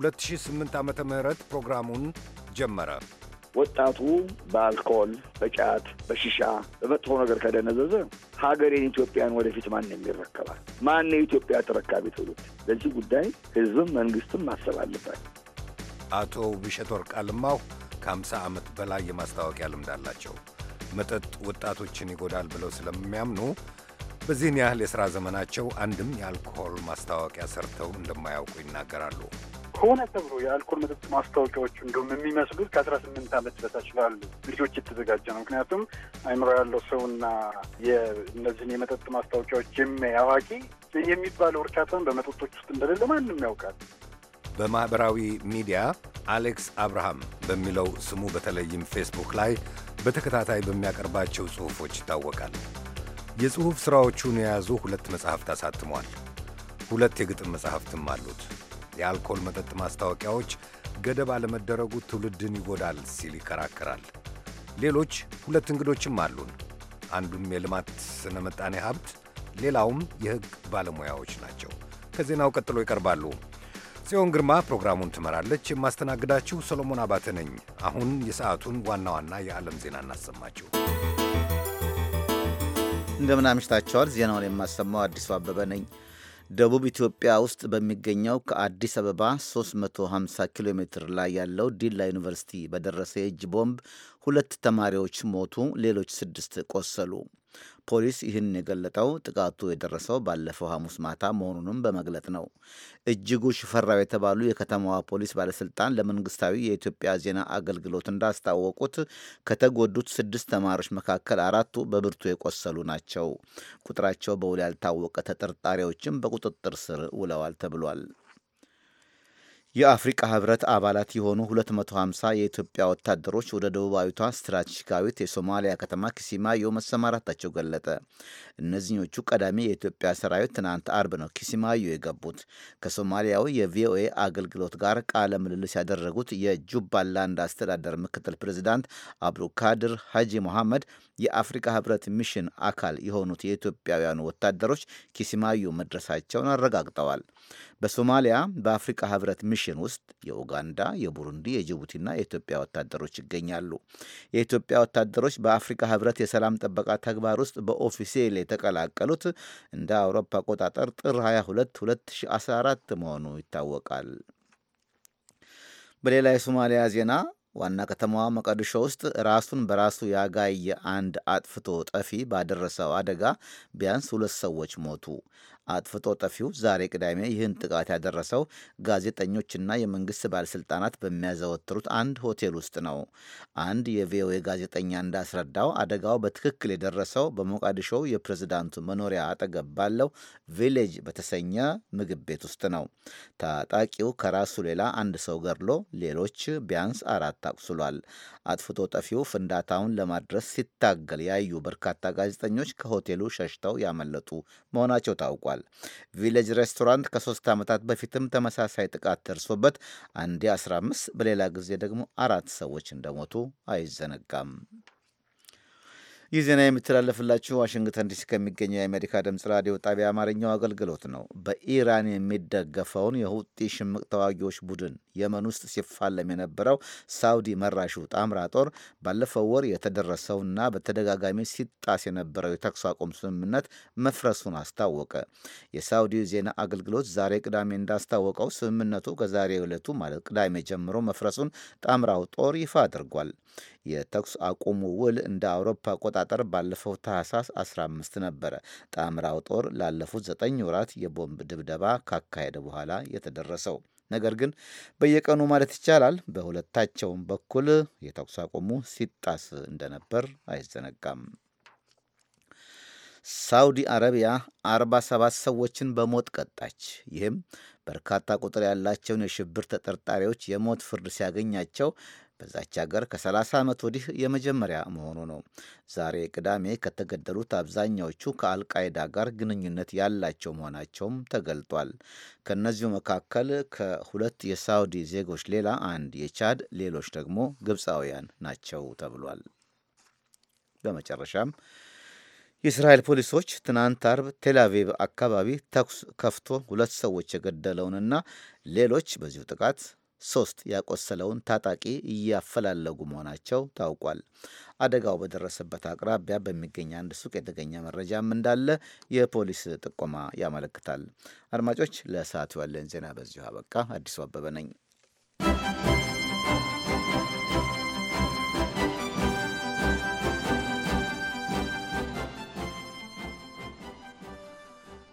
2008 ዓ ም ፕሮግራሙን ጀመረ። ወጣቱ በአልኮል፣ በጫት፣ በሽሻ፣ በመጥፎ ነገር ከደነዘዘ ሀገሬን ኢትዮጵያን ወደፊት ማን የሚረከባል? ማን የኢትዮጵያ ተረካቢ ትውልድ? ለዚህ ጉዳይ ህዝብም መንግስትም ማሰብ አለባቸው። አቶ ብሸት ወርቅ አልማሁ ከ50 ዓመት በላይ የማስታወቂያ ልምድ አላቸው። መጠጥ ወጣቶችን ይጎዳል ብለው ስለሚያምኑ በዚህን ያህል የሥራ ዘመናቸው አንድም የአልኮል ማስታወቂያ ሰርተው እንደማያውቁ ይናገራሉ። ሆነ ተብሎ የአልኮል መጠጥ ማስታወቂያዎቹ እንደውም የሚመስሉት ከአስራ ስምንት ዓመት በታች ላሉ ልጆች የተዘጋጀ ነው። ምክንያቱም አይምሮ ያለው ሰውና እነዚህን የመጠጥ ማስታወቂያዎች የሚያይ አዋቂ የሚባለው እርካታን በመጠጦች ውስጥ እንደሌለ ማንም ያውቃል። በማኅበራዊ ሚዲያ አሌክስ አብርሃም በሚለው ስሙ በተለይም ፌስቡክ ላይ በተከታታይ በሚያቀርባቸው ጽሑፎች ይታወቃል። የጽሑፍ ሥራዎቹን የያዙ ሁለት መጻሕፍት አሳትሟል። ሁለት የግጥም መጻሕፍትም አሉት። የአልኮል መጠጥ ማስታወቂያዎች ገደብ አለመደረጉ ትውልድን ይጎዳል ሲል ይከራከራል። ሌሎች ሁለት እንግዶችም አሉን። አንዱም የልማት ስነ ምጣኔ ሀብት፣ ሌላውም የሕግ ባለሙያዎች ናቸው። ከዜናው ቀጥሎ ይቀርባሉ። ጽዮን ግርማ ፕሮግራሙን ትመራለች። የማስተናግዳችሁ ሰሎሞን አባተ ነኝ። አሁን የሰዓቱን ዋና ዋና የዓለም ዜና እናሰማችሁ። እንደምን አምሽታችኋል። ዜናውን የማሰማው አዲሱ አበበ ነኝ። ደቡብ ኢትዮጵያ ውስጥ በሚገኘው ከአዲስ አበባ 350 ኪሎ ሜትር ላይ ያለው ዲላ ዩኒቨርሲቲ በደረሰ የእጅ ቦምብ ሁለት ተማሪዎች ሞቱ፣ ሌሎች ስድስት ቆሰሉ። ፖሊስ ይህን የገለጠው ጥቃቱ የደረሰው ባለፈው ሐሙስ ማታ መሆኑንም በመግለጥ ነው። እጅጉ ሽፈራው የተባሉ የከተማዋ ፖሊስ ባለስልጣን ለመንግስታዊ የኢትዮጵያ ዜና አገልግሎት እንዳስታወቁት ከተጎዱት ስድስት ተማሪዎች መካከል አራቱ በብርቱ የቆሰሉ ናቸው። ቁጥራቸው በውል ያልታወቀ ተጠርጣሪዎችም በቁጥጥር ስር ውለዋል ተብሏል። የአፍሪቃ ህብረት አባላት የሆኑ 250 የኢትዮጵያ ወታደሮች ወደ ደቡባዊቷ ስትራቴጂካዊት የሶማሊያ ከተማ ኪሲማዮ መሰማራታቸው ገለጠ። እነዚህኞቹ ቀዳሚ የኢትዮጵያ ሰራዊት ትናንት አርብ ነው ኪሲማዮ የገቡት። ከሶማሊያዊ የቪኦኤ አገልግሎት ጋር ቃለ ምልልስ ያደረጉት የጁባላንድ አስተዳደር ምክትል ፕሬዚዳንት አብዱልካድር ሀጂ መሐመድ የአፍሪካ ህብረት ሚሽን አካል የሆኑት የኢትዮጵያውያኑ ወታደሮች ኪሲማዮ መድረሳቸውን አረጋግጠዋል። በሶማሊያ በአፍሪካ ህብረት ሚሽን ውስጥ የኡጋንዳ፣ የቡሩንዲ፣ የጅቡቲና የኢትዮጵያ ወታደሮች ይገኛሉ። የኢትዮጵያ ወታደሮች በአፍሪካ ህብረት የሰላም ጥበቃ ተግባር ውስጥ በኦፊሴል የተቀላቀሉት እንደ አውሮፓ አቆጣጠር ጥር 22 2014 መሆኑ ይታወቃል። በሌላ የሶማሊያ ዜና ዋና ከተማዋ መቀድሾ ውስጥ ራሱን በራሱ ያጋየ አንድ አጥፍቶ ጠፊ ባደረሰው አደጋ ቢያንስ ሁለት ሰዎች ሞቱ። አጥፍቶ ጠፊው ዛሬ ቅዳሜ ይህን ጥቃት ያደረሰው ጋዜጠኞችና የመንግስት ባለስልጣናት በሚያዘወትሩት አንድ ሆቴል ውስጥ ነው። አንድ የቪኦኤ ጋዜጠኛ እንዳስረዳው አደጋው በትክክል የደረሰው በሞቃዲሾው የፕሬዝዳንቱ መኖሪያ አጠገብ ባለው ቪሌጅ በተሰኘ ምግብ ቤት ውስጥ ነው። ታጣቂው ከራሱ ሌላ አንድ ሰው ገድሎ ሌሎች ቢያንስ አራት አቁስሏል። አጥፍቶ ጠፊው ፍንዳታውን ለማድረስ ሲታገል ያዩ በርካታ ጋዜጠኞች ከሆቴሉ ሸሽተው ያመለጡ መሆናቸው ታውቋል። አስታውቋል። ቪሌጅ ሬስቶራንት ከሶስት ዓመታት በፊትም ተመሳሳይ ጥቃት ደርሶበት አንዴ 15 በሌላ ጊዜ ደግሞ አራት ሰዎች እንደሞቱ አይዘነጋም። ይህ ዜና የሚተላለፍላችሁ ዋሽንግተን ዲሲ ከሚገኘው የአሜሪካ ድምፅ ራዲዮ ጣቢያ አማርኛው አገልግሎት ነው። በኢራን የሚደገፈውን የሁጢ ሽምቅ ተዋጊዎች ቡድን የመን ውስጥ ሲፋለም የነበረው ሳውዲ መራሹ ጣምራ ጦር ባለፈው ወር የተደረሰውና በተደጋጋሚ ሲጣስ የነበረው የተኩስ አቁም ስምምነት መፍረሱን አስታወቀ። የሳውዲ ዜና አገልግሎት ዛሬ ቅዳሜ እንዳስታወቀው ስምምነቱ ከዛሬ ዕለቱ ማለት ቅዳሜ ጀምሮ መፍረሱን ጣምራው ጦር ይፋ አድርጓል። የተኩስ አቁሙ ውል እንደ አውሮፓ አቆጣጠር ባለፈው ታህሳስ 15 ነበረ ጣምራው ጦር ላለፉት ዘጠኝ ወራት የቦምብ ድብደባ ካካሄደ በኋላ የተደረሰው። ነገር ግን በየቀኑ ማለት ይቻላል በሁለታቸውም በኩል የተኩስ አቁሙ ሲጣስ እንደነበር አይዘነጋም። ሳውዲ አረቢያ 47 ሰዎችን በሞት ቀጣች። ይህም በርካታ ቁጥር ያላቸውን የሽብር ተጠርጣሪዎች የሞት ፍርድ ሲያገኛቸው በዛች ሀገር ከ30 ዓመት ወዲህ የመጀመሪያ መሆኑ ነው። ዛሬ ቅዳሜ ከተገደሉት አብዛኛዎቹ ከአልቃይዳ ጋር ግንኙነት ያላቸው መሆናቸውም ተገልጧል። ከእነዚሁ መካከል ከሁለት የሳውዲ ዜጎች ሌላ አንድ የቻድ ሌሎች ደግሞ ግብፃውያን ናቸው ተብሏል። በመጨረሻም የእስራኤል ፖሊሶች ትናንት አርብ ቴላቪቭ አካባቢ ተኩስ ከፍቶ ሁለት ሰዎች የገደለውንና ሌሎች በዚሁ ጥቃት ሶስት ያቆሰለውን ታጣቂ እያፈላለጉ መሆናቸው ታውቋል። አደጋው በደረሰበት አቅራቢያ በሚገኝ አንድ ሱቅ የተገኘ መረጃም እንዳለ የፖሊስ ጥቆማ ያመለክታል። አድማጮች፣ ለሰዓቱ ያለን ዜና በዚሁ አበቃ። አዲሱ አበበ ነኝ።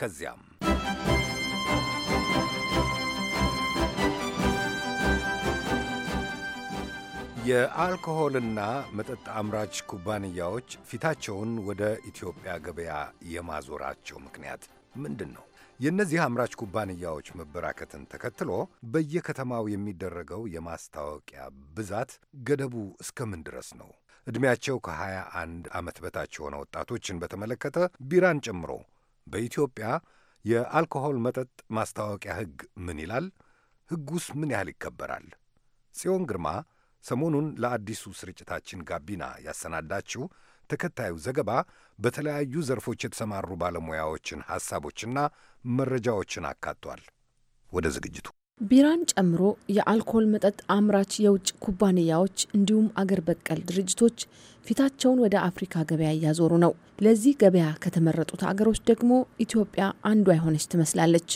ከዚያም የአልኮሆልና መጠጥ አምራች ኩባንያዎች ፊታቸውን ወደ ኢትዮጵያ ገበያ የማዞራቸው ምክንያት ምንድን ነው? የእነዚህ አምራች ኩባንያዎች መበራከትን ተከትሎ በየከተማው የሚደረገው የማስታወቂያ ብዛት ገደቡ እስከምን ድረስ ነው? ዕድሜያቸው ከ21 ዓመት በታች የሆነ ወጣቶችን በተመለከተ ቢራን ጨምሮ በኢትዮጵያ የአልኮሆል መጠጥ ማስታወቂያ ሕግ ምን ይላል? ሕጉስ ምን ያህል ይከበራል? ጽዮን ግርማ ሰሞኑን ለአዲሱ ስርጭታችን ጋቢና ያሰናዳችው ተከታዩ ዘገባ በተለያዩ ዘርፎች የተሰማሩ ባለሙያዎችን ሐሳቦችና መረጃዎችን አካቷል። ወደ ዝግጅቱ ቢራን ጨምሮ የአልኮል መጠጥ አምራች የውጭ ኩባንያዎች እንዲሁም አገር በቀል ድርጅቶች ፊታቸውን ወደ አፍሪካ ገበያ እያዞሩ ነው። ለዚህ ገበያ ከተመረጡት አገሮች ደግሞ ኢትዮጵያ አንዷ የሆነች ትመስላለች።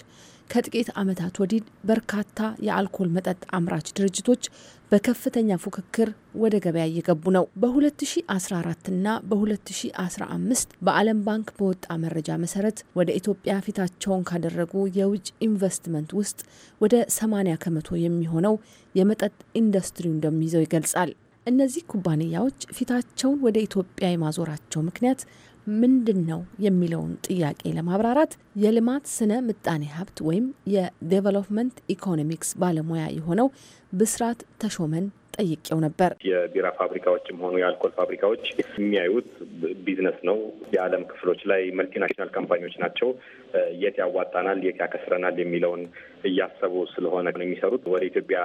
ከጥቂት ዓመታት ወዲህ በርካታ የአልኮል መጠጥ አምራች ድርጅቶች በከፍተኛ ፉክክር ወደ ገበያ እየገቡ ነው። በ2014 እና በ2015 በዓለም ባንክ በወጣ መረጃ መሰረት ወደ ኢትዮጵያ ፊታቸውን ካደረጉ የውጭ ኢንቨስትመንት ውስጥ ወደ 80 ከመቶ የሚሆነው የመጠጥ ኢንዱስትሪው እንደሚይዘው ይገልጻል። እነዚህ ኩባንያዎች ፊታቸውን ወደ ኢትዮጵያ የማዞራቸው ምክንያት ምንድን ነው የሚለውን ጥያቄ ለማብራራት የልማት ስነ ምጣኔ ሀብት ወይም የዴቨሎፕመንት ኢኮኖሚክስ ባለሙያ የሆነው ብስራት ተሾመን ጠይቄው ነበር። የቢራ ፋብሪካዎችም ሆኑ የአልኮል ፋብሪካዎች የሚያዩት ቢዝነስ ነው። የዓለም ክፍሎች ላይ መልቲናሽናል ካምፓኒዎች ናቸው። የት ያዋጣናል፣ የት ያከስረናል የሚለውን እያሰቡ ስለሆነ የሚሰሩት ወደ ኢትዮጵያ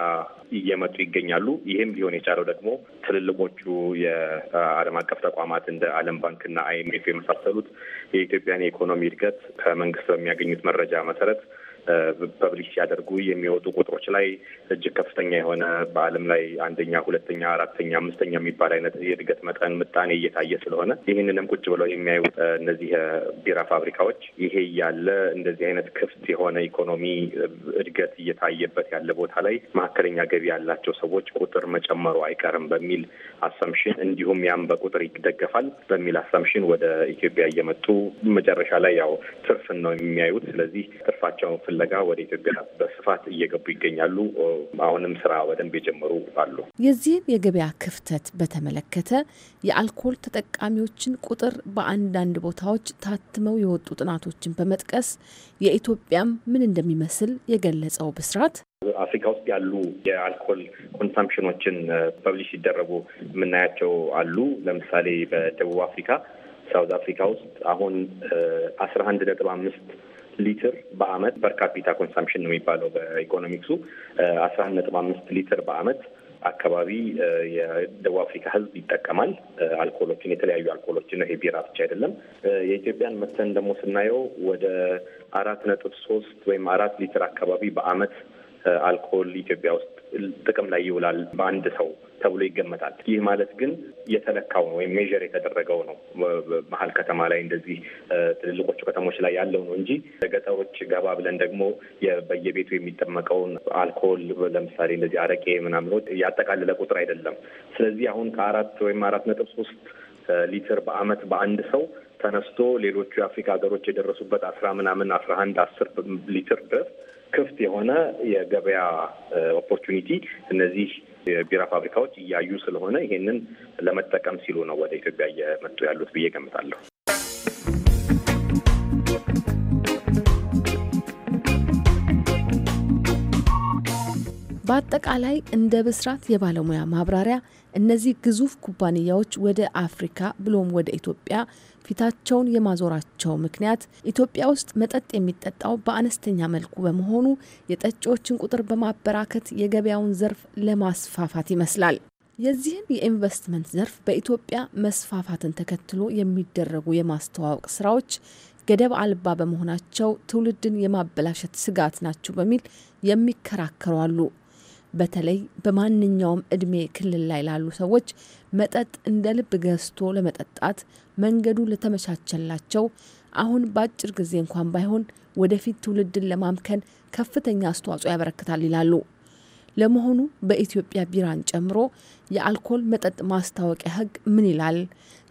እየመጡ ይገኛሉ። ይህም ሊሆን የቻለው ደግሞ ትልልቆቹ የዓለም አቀፍ ተቋማት እንደ ዓለም ባንክና አይኤምኤፍ የመሳሰሉት የኢትዮጵያን የኢኮኖሚ እድገት ከመንግስት በሚያገኙት መረጃ መሰረት ፐብሊክ ሲያደርጉ የሚወጡ ቁጥሮች ላይ እጅግ ከፍተኛ የሆነ በዓለም ላይ አንደኛ፣ ሁለተኛ፣ አራተኛ፣ አምስተኛ የሚባል አይነት የእድገት መጠን ምጣኔ እየታየ ስለሆነ ይህንንም ቁጭ ብለው የሚያዩት እነዚህ ቢራ ፋብሪካዎች ይሄ ያለ እንደዚህ አይነት ክፍት የሆነ ኢኮኖሚ እድገት እየታየበት ያለ ቦታ ላይ መካከለኛ ገቢ ያላቸው ሰዎች ቁጥር መጨመሩ አይቀርም በሚል አሰምሽን እንዲሁም ያም በቁጥር ይደገፋል በሚል አሰምሽን ወደ ኢትዮጵያ እየመጡ መጨረሻ ላይ ያው ትርፍን ነው የሚያዩት። ስለዚህ ትርፋቸውን ፍለጋ ወደ ኢትዮጵያ በስፋት እየገቡ ይገኛሉ። አሁንም ስራ በደንብ የጀመሩ አሉ። የዚህን የገበያ ክፍተት በተመለከተ የአልኮል ተጠቃሚዎችን ቁጥር በአንዳንድ ቦታዎች ታትመው የወጡ ጥናቶችን በመጥቀስ የኢትዮጵያም ምን እንደሚመስል የገለጸው ብስራት አፍሪካ ውስጥ ያሉ የአልኮል ኮንሳምፕሽኖችን ፐብሊሽ ሲደረጉ የምናያቸው አሉ። ለምሳሌ በደቡብ አፍሪካ ሳውዝ አፍሪካ ውስጥ አሁን አስራ አንድ ነጥብ አምስት ሊትር በአመት ፐርካፒታ ኮንሳምሽን ነው የሚባለው በኢኮኖሚክሱ አስራ አንድ ነጥብ አምስት ሊትር በአመት አካባቢ የደቡብ አፍሪካ ህዝብ ይጠቀማል። አልኮሎችን የተለያዩ አልኮሎችን ነው። ይሄ ቢራ ብቻ አይደለም። የኢትዮጵያን መተን ደግሞ ስናየው ወደ አራት ነጥብ ሶስት ወይም አራት ሊትር አካባቢ በአመት አልኮል ኢትዮጵያ ውስጥ ጥቅም ላይ ይውላል በአንድ ሰው ተብሎ ይገመታል። ይህ ማለት ግን የተለካው ነው ወይም ሜዥር የተደረገው ነው መሀል ከተማ ላይ እንደዚህ ትልልቆቹ ከተሞች ላይ ያለው ነው እንጂ ገጠሮች ገባ ብለን ደግሞ በየቤቱ የሚጠመቀውን አልኮል ለምሳሌ እንደዚህ አረቄ ምናምኖች ያጠቃልለ ቁጥር አይደለም። ስለዚህ አሁን ከአራት ወይም አራት ነጥብ ሶስት ሊትር በአመት በአንድ ሰው ተነስቶ ሌሎቹ የአፍሪካ ሀገሮች የደረሱበት አስራ ምናምን አስራ አንድ አስር ሊትር ድረስ ክፍት የሆነ የገበያ ኦፖርቹኒቲ እነዚህ የቢራ ፋብሪካዎች እያዩ ስለሆነ ይሄንን ለመጠቀም ሲሉ ነው ወደ ኢትዮጵያ እየመጡ ያሉት ብዬ ገምታለሁ። በአጠቃላይ እንደ ብስራት የባለሙያ ማብራሪያ እነዚህ ግዙፍ ኩባንያዎች ወደ አፍሪካ ብሎም ወደ ኢትዮጵያ ፊታቸውን የማዞራቸው ምክንያት ኢትዮጵያ ውስጥ መጠጥ የሚጠጣው በአነስተኛ መልኩ በመሆኑ የጠጪዎችን ቁጥር በማበራከት የገበያውን ዘርፍ ለማስፋፋት ይመስላል። የዚህን የኢንቨስትመንት ዘርፍ በኢትዮጵያ መስፋፋትን ተከትሎ የሚደረጉ የማስተዋወቅ ስራዎች ገደብ አልባ በመሆናቸው ትውልድን የማበላሸት ስጋት ናቸው በሚል የሚከራከሩ አሉ። በተለይ በማንኛውም እድሜ ክልል ላይ ላሉ ሰዎች መጠጥ እንደ ልብ ገዝቶ ለመጠጣት መንገዱ ለተመቻቸላቸው አሁን በአጭር ጊዜ እንኳን ባይሆን ወደፊት ትውልድን ለማምከን ከፍተኛ አስተዋጽኦ ያበረክታል ይላሉ። ለመሆኑ በኢትዮጵያ ቢራን ጨምሮ የአልኮል መጠጥ ማስታወቂያ ሕግ ምን ይላል?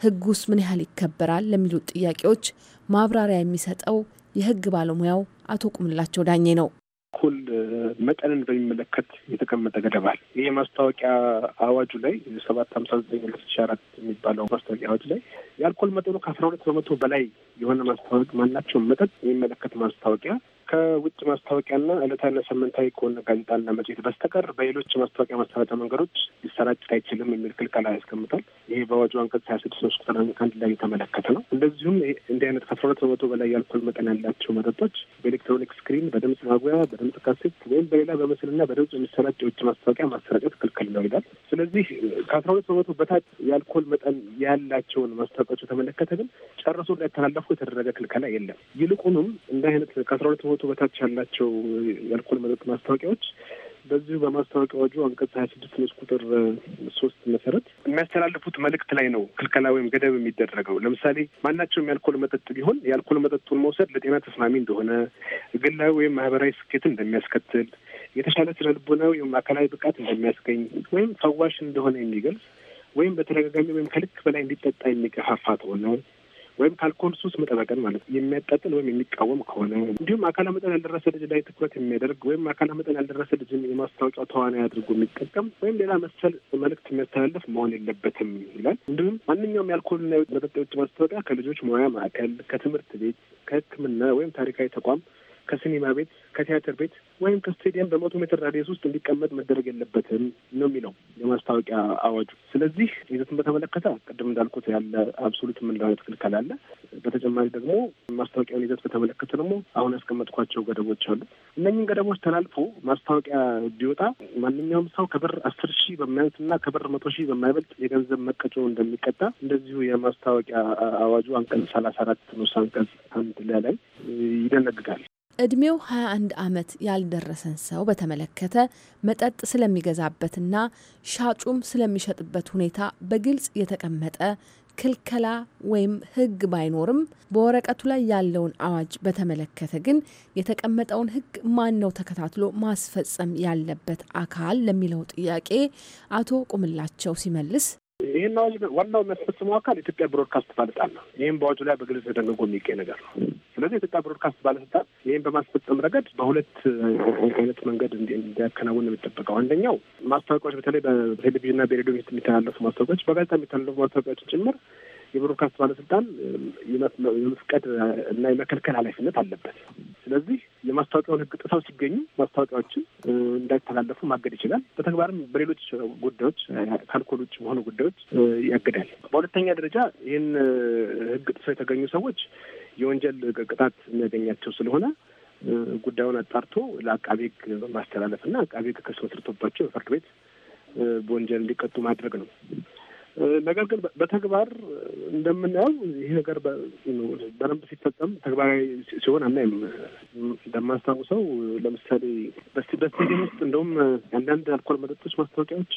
ሕጉስ ምን ያህል ይከበራል? ለሚሉት ጥያቄዎች ማብራሪያ የሚሰጠው የሕግ ባለሙያው አቶ ቁምላቸው ዳኜ ነው። እኩል መጠንን በሚመለከት የተቀመጠ ገደባል። ይህ ማስታወቂያ አዋጁ ላይ ሰባት ሀምሳ ዘጠኝ ሁለት ሺ አራት የሚባለው ማስታወቂያ አዋጅ ላይ የአልኮል መጠኑ ከአስራ ሁለት በመቶ በላይ የሆነ ማስታወቅ ማናቸውም መጠጥ የሚመለከት ማስታወቂያ ከውጭ ማስታወቂያና ዕለታና ሳምንታዊ ከሆነ ጋዜጣና መጽሄት በስተቀር በሌሎች ማስታወቂያ ማሰራጫ መንገዶች ሊሰራጭ አይችልም የሚል ክልከላ ያስቀምጣል። ይሄ በአዋጁ አንቀጽ ሀያ ስድስት ንዑስ ቁጥር አንድ ላይ የተመለከተ ነው። እንደዚሁም እንዲህ አይነት ከአስራ ሁለት በመቶ በላይ የአልኮል መጠን ያላቸው መጠጦች በኤሌክትሮኒክ ስክሪን፣ በድምጽ ማጉያ፣ በድምጽ ካሴት ወይም በሌላ በምስልና በድምጽ የሚሰራጭ የውጭ ማስታወቂያ ማሰራጨት ክልክል ነው ይላል። ስለዚህ ከአስራ ሁለት በመቶ በታች የአልኮል መጠን ያላቸውን ማስታወቂያዎች የተመለከተ ግን ጨርሶ እንዳይተላለፉ የተደረገ ክልከላ የለም። ይልቁንም እንደ አይነት ከአስራ ሁለት ከመቶ በታች ያላቸው የአልኮል መጠጥ ማስታወቂያዎች በዚሁ በማስታወቂያዎቹ አንቀጽ ሀያ ስድስት ንዑስ ቁጥር ሶስት መሰረት የሚያስተላልፉት መልእክት ላይ ነው ክልከላ ወይም ገደብ የሚደረገው። ለምሳሌ ማናቸውም የአልኮል መጠጥ ቢሆን የአልኮል መጠጡን መውሰድ ለጤና ተስማሚ እንደሆነ፣ ግላዊ ወይም ማህበራዊ ስኬትን እንደሚያስከትል፣ የተሻለ ስነ ልቦናዊ ወይም አካላዊ ብቃት እንደሚያስገኝ ወይም ፈዋሽ እንደሆነ የሚገልጽ ወይም በተደጋጋሚ ወይም ከልክ በላይ እንዲጠጣ የሚገፋፋት ሆነው ወይም ከአልኮል ሱስ መጠበቅን ማለት የሚያጣጥል ወይም የሚቃወም ከሆነ እንዲሁም አካለ መጠን ያልደረሰ ልጅ ላይ ትኩረት የሚያደርግ ወይም አካለ መጠን ያልደረሰ ልጅ የማስታወቂያ ተዋናይ አድርጎ የሚጠቀም ወይም ሌላ መሰል መልእክት የሚያስተላልፍ መሆን የለበትም ይላል። እንዲሁም ማንኛውም የአልኮልና መጠጥ የውጭ ማስታወቂያ ከልጆች ሙያ ማዕከል፣ ከትምህርት ቤት፣ ከሕክምና ወይም ታሪካዊ ተቋም ከሲኒማ ቤት፣ ከቲያትር ቤት ወይም ከስቴዲየም በመቶ ሜትር ራዲየስ ውስጥ እንዲቀመጥ መደረግ የለበትም ነው የሚለው የማስታወቂያ አዋጁ። ስለዚህ ይዘትን በተመለከተ ቅድም እንዳልኩት ያለ አብሶሉት የምንለው ክልከላ አለ። በተጨማሪ ደግሞ ማስታወቂያውን ይዘት በተመለከተ ደግሞ አሁን ያስቀመጥኳቸው ገደቦች አሉ። እነኝን ገደቦች ተላልፎ ማስታወቂያ ቢወጣ ማንኛውም ሰው ከብር አስር ሺህ በማያንስ እና ከብር መቶ ሺህ በማይበልጥ የገንዘብ መቀጮ እንደሚቀጣ እንደዚሁ የማስታወቂያ አዋጁ አንቀጽ ሰላሳ አራት ንዑስ አንቀጽ አንድ ላይ ይደነግጋል። እድሜው 21 ዓመት ያልደረሰን ሰው በተመለከተ መጠጥ ስለሚገዛበትና ሻጩም ስለሚሸጥበት ሁኔታ በግልጽ የተቀመጠ ክልከላ ወይም ሕግ ባይኖርም በወረቀቱ ላይ ያለውን አዋጅ በተመለከተ ግን የተቀመጠውን ሕግ ማን ነው ተከታትሎ ማስፈጸም ያለበት አካል ለሚለው ጥያቄ አቶ ቁምላቸው ሲመልስ ይህን አዋጅ ዋናው የሚያስፈጽመው አካል የኢትዮጵያ ብሮድካስት ባለስልጣን ነው። ይህም በአዋጁ ላይ በግልጽ ተደንግጎ የሚገኝ ነገር ነው። ስለዚህ የኢትዮጵያ ብሮድካስት ባለስልጣን ይህም በማስፈጸም ረገድ በሁለት አይነት መንገድ እንዲያከናውን የሚጠበቀው። አንደኛው ማስታወቂያዎች፣ በተለይ በቴሌቪዥንና በሬዲዮ የሚተላለፉ ማስታወቂያዎች፣ በጋዜጣ የሚተላለፉ ማስታወቂያዎችን ጭምር የብሮድካስት ባለስልጣን የመፍቀድ እና የመከልከል ኃላፊነት አለበት። ስለዚህ የማስታወቂያውን ሕግ ጥሰው ሲገኙ ማስታወቂያዎችን እንዳይተላለፉ ማገድ ይችላል። በተግባርም በሌሎች ጉዳዮች ከአልኮል ውጭ በሆኑ ጉዳዮች ያግዳል። በሁለተኛ ደረጃ ይህን ሕግ ጥሰው የተገኙ ሰዎች የወንጀል ቅጣት የሚያገኛቸው ስለሆነ ጉዳዩን አጣርቶ ለአቃቤ ሕግ ማስተላለፍና አቃቢ ሕግ ክስ መስርቶባቸው ፍርድ ቤት በወንጀል እንዲቀጡ ማድረግ ነው። ነገር ግን በተግባር እንደምናየው ይህ ነገር በደንብ ሲፈጸም ተግባራዊ ሲሆን አናይም። እንደማስታውሰው ለምሳሌ በስቴዲየም ውስጥ እንደውም አንዳንድ አልኮል መጠጦች ማስታወቂያዎች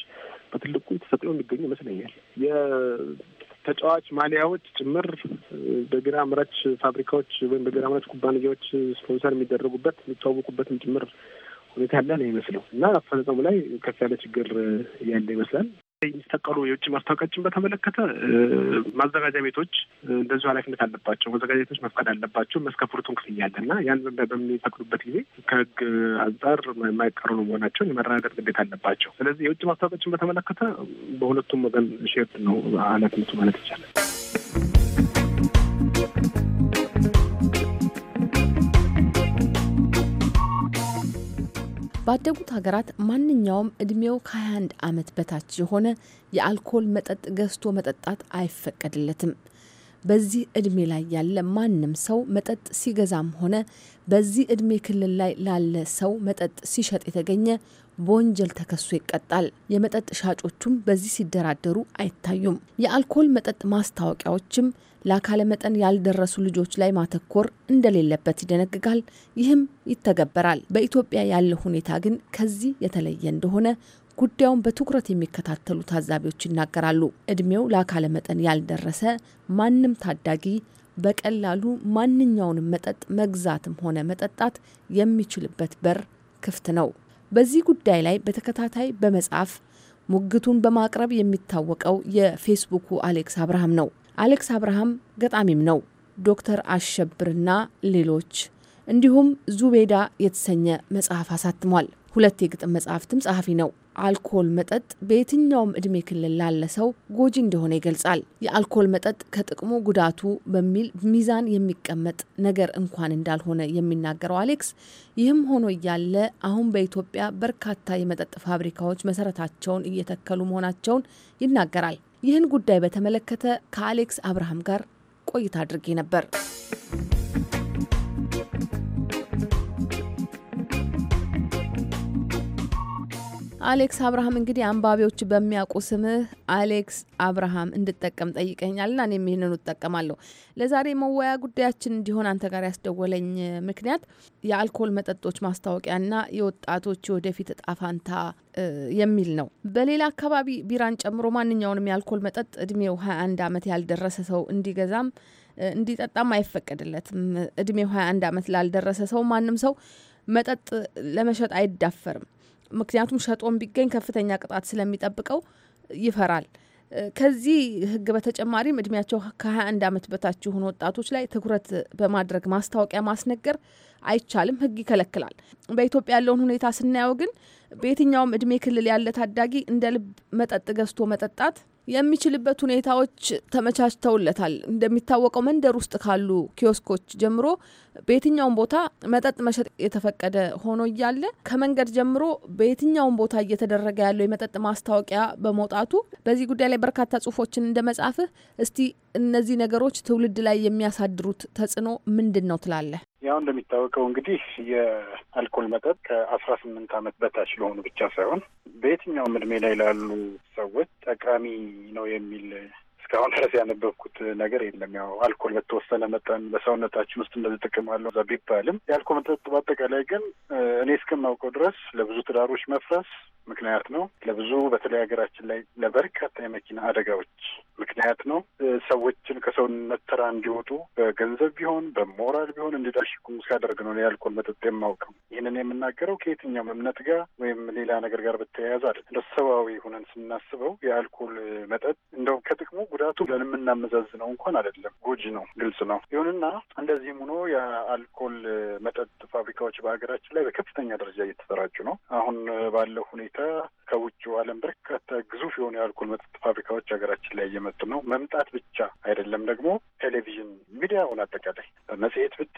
በትልቁ ተሰቅለው የሚገኙ ይመስለኛል። የተጫዋች ማሊያዎች ጭምር በቢራ አምራች ፋብሪካዎች ወይም በቢራ አምራች ኩባንያዎች ስፖንሰር የሚደረጉበት የሚተዋወቁበትም ጭምር ሁኔታ ያለ ነው ይመስለው እና አፈጻጸሙ ላይ ከፍ ያለ ችግር ያለ ይመስላል። የሚሰቀሉ የውጭ ማስታወቂያዎችን በተመለከተ ማዘጋጃ ቤቶች እንደዚሁ ኃላፊነት አለባቸው። ማዘጋጃ ቤቶች መፍቀድ አለባቸው። መስከፍርቱን ክፍያ አለ እና ያን በሚፈቅዱበት ጊዜ ከህግ አንጻር የማይቀሩ ነው መሆናቸውን የመረጋገጥ ግዴታ አለባቸው። ስለዚህ የውጭ ማስታወቂያዎችን በተመለከተ በሁለቱም ወገን ሼርድ ነው ኃላፊነቱ ማለት ይቻላል። ባደጉት ሀገራት ማንኛውም እድሜው ከ21 ዓመት በታች የሆነ የአልኮል መጠጥ ገዝቶ መጠጣት አይፈቀድለትም። በዚህ እድሜ ላይ ያለ ማንም ሰው መጠጥ ሲገዛም ሆነ በዚህ እድሜ ክልል ላይ ላለ ሰው መጠጥ ሲሸጥ የተገኘ በወንጀል ተከሶ ይቀጣል። የመጠጥ ሻጮቹም በዚህ ሲደራደሩ አይታዩም። የአልኮል መጠጥ ማስታወቂያዎችም ለአካለ መጠን ያልደረሱ ልጆች ላይ ማተኮር እንደሌለበት ይደነግጋል። ይህም ይተገበራል። በኢትዮጵያ ያለው ሁኔታ ግን ከዚህ የተለየ እንደሆነ ጉዳዩን በትኩረት የሚከታተሉ ታዛቢዎች ይናገራሉ። እድሜው ለአካለ መጠን ያልደረሰ ማንም ታዳጊ በቀላሉ ማንኛውንም መጠጥ መግዛትም ሆነ መጠጣት የሚችልበት በር ክፍት ነው። በዚህ ጉዳይ ላይ በተከታታይ በመጻፍ ሙግቱን በማቅረብ የሚታወቀው የፌስቡኩ አሌክስ አብርሃም ነው። አሌክስ አብርሃም ገጣሚም ነው። ዶክተር አሸብርና ሌሎች እንዲሁም ዙቤዳ የተሰኘ መጽሐፍ አሳትሟል። ሁለት የግጥም መጽሐፍትም ጸሐፊ ነው። አልኮል መጠጥ በየትኛውም እድሜ ክልል ላለ ሰው ጎጂ እንደሆነ ይገልጻል። የአልኮል መጠጥ ከጥቅሙ ጉዳቱ በሚል ሚዛን የሚቀመጥ ነገር እንኳን እንዳልሆነ የሚናገረው አሌክስ፣ ይህም ሆኖ እያለ አሁን በኢትዮጵያ በርካታ የመጠጥ ፋብሪካዎች መሰረታቸውን እየተከሉ መሆናቸውን ይናገራል። ይህን ጉዳይ በተመለከተ ከአሌክስ አብርሃም ጋር ቆይታ አድርጌ ነበር። አሌክስ አብርሃም እንግዲህ አንባቢዎች በሚያውቁ ስምህ አሌክስ አብርሃም እንድጠቀም ጠይቀኛል ና እኔም ይህንኑ እጠቀማለሁ። ለዛሬ መወያ ጉዳያችን እንዲሆን አንተ ጋር ያስደወለኝ ምክንያት የአልኮል መጠጦች ማስታወቂያ ና የወጣቶች የወደፊት እጣ ፋንታ የሚል ነው። በሌላ አካባቢ ቢራን ጨምሮ ማንኛውንም የአልኮል መጠጥ እድሜው 21 ዓመት ያልደረሰ ሰው እንዲገዛም እንዲጠጣም አይፈቀድለትም። እድሜው 21 ዓመት ላልደረሰ ሰው ማንም ሰው መጠጥ ለመሸጥ አይዳፈርም። ምክንያቱም ሸጦም ቢገኝ ከፍተኛ ቅጣት ስለሚጠብቀው ይፈራል። ከዚህ ህግ በተጨማሪም እድሜያቸው ከ21 ዓመት በታች የሆኑ ወጣቶች ላይ ትኩረት በማድረግ ማስታወቂያ ማስነገር አይቻልም፣ ህግ ይከለክላል። በኢትዮጵያ ያለውን ሁኔታ ስናየው ግን በየትኛውም እድሜ ክልል ያለ ታዳጊ እንደ ልብ መጠጥ ገዝቶ መጠጣት የሚችልበት ሁኔታዎች ተመቻችተውለታል። እንደሚታወቀው መንደር ውስጥ ካሉ ኪዮስኮች ጀምሮ በየትኛውም ቦታ መጠጥ መሸጥ የተፈቀደ ሆኖ እያለ ከመንገድ ጀምሮ በየትኛውም ቦታ እየተደረገ ያለው የመጠጥ ማስታወቂያ በመውጣቱ በዚህ ጉዳይ ላይ በርካታ ጽሁፎችን እንደ መጻፍህ እስቲ እነዚህ ነገሮች ትውልድ ላይ የሚያሳድሩት ተጽዕኖ ምንድን ነው ትላለህ? ያው እንደሚታወቀው እንግዲህ የአልኮል መጠጥ ከአስራ ስምንት ዓመት በታች ለሆኑ ብቻ ሳይሆን በየትኛውም እድሜ ላይ ላሉ ሰዎች ጠቃሚ ነው የሚል እስካሁን ድረስ ያነበብኩት ነገር የለም። ያው አልኮል በተወሰነ መጠን በሰውነታችን ውስጥ እንደዚህ ጥቅም አለው እዛ ቢባልም የአልኮል መጠጥ በአጠቃላይ ግን እኔ እስከማውቀው ድረስ ለብዙ ትዳሮች መፍረስ ምክንያት ነው። ለብዙ በተለይ ሀገራችን ላይ ለበርካታ የመኪና አደጋዎች ምክንያት ነው። ሰዎችን ከሰውነት ተራ እንዲወጡ በገንዘብ ቢሆን በሞራል ቢሆን እንዲዳሽቁ ሲያደርግ ነው የአልኮል መጠጥ የማውቀው። ይህንን የምናገረው ከየትኛውም እምነት ጋር ወይም ሌላ ነገር ጋር በተያያዘ አይደል። እንደ ሰብአዊ ሁነን ስናስበው የአልኮል መጠጥ እንደው ከጥቅሙ ጉዳቱ የምናመዛዝነው እንኳን አይደለም፣ ጎጂ ነው፣ ግልጽ ነው። ይሁንና እንደዚህም ሆኖ የአልኮል መጠጥ ፋብሪካዎች በሀገራችን ላይ በከፍተኛ ደረጃ እየተሰራጩ ነው። አሁን ባለው ሁኔታ ከውጭው ዓለም በርካታ ግዙፍ የሆኑ የአልኮል መጠጥ ፋብሪካዎች ሀገራችን ላይ እየመጡ ነው። መምጣት ብቻ አይደለም ደግሞ ቴሌቪዥን ሚዲያውን አጠቃላይ በመጽሄት ብቲ፣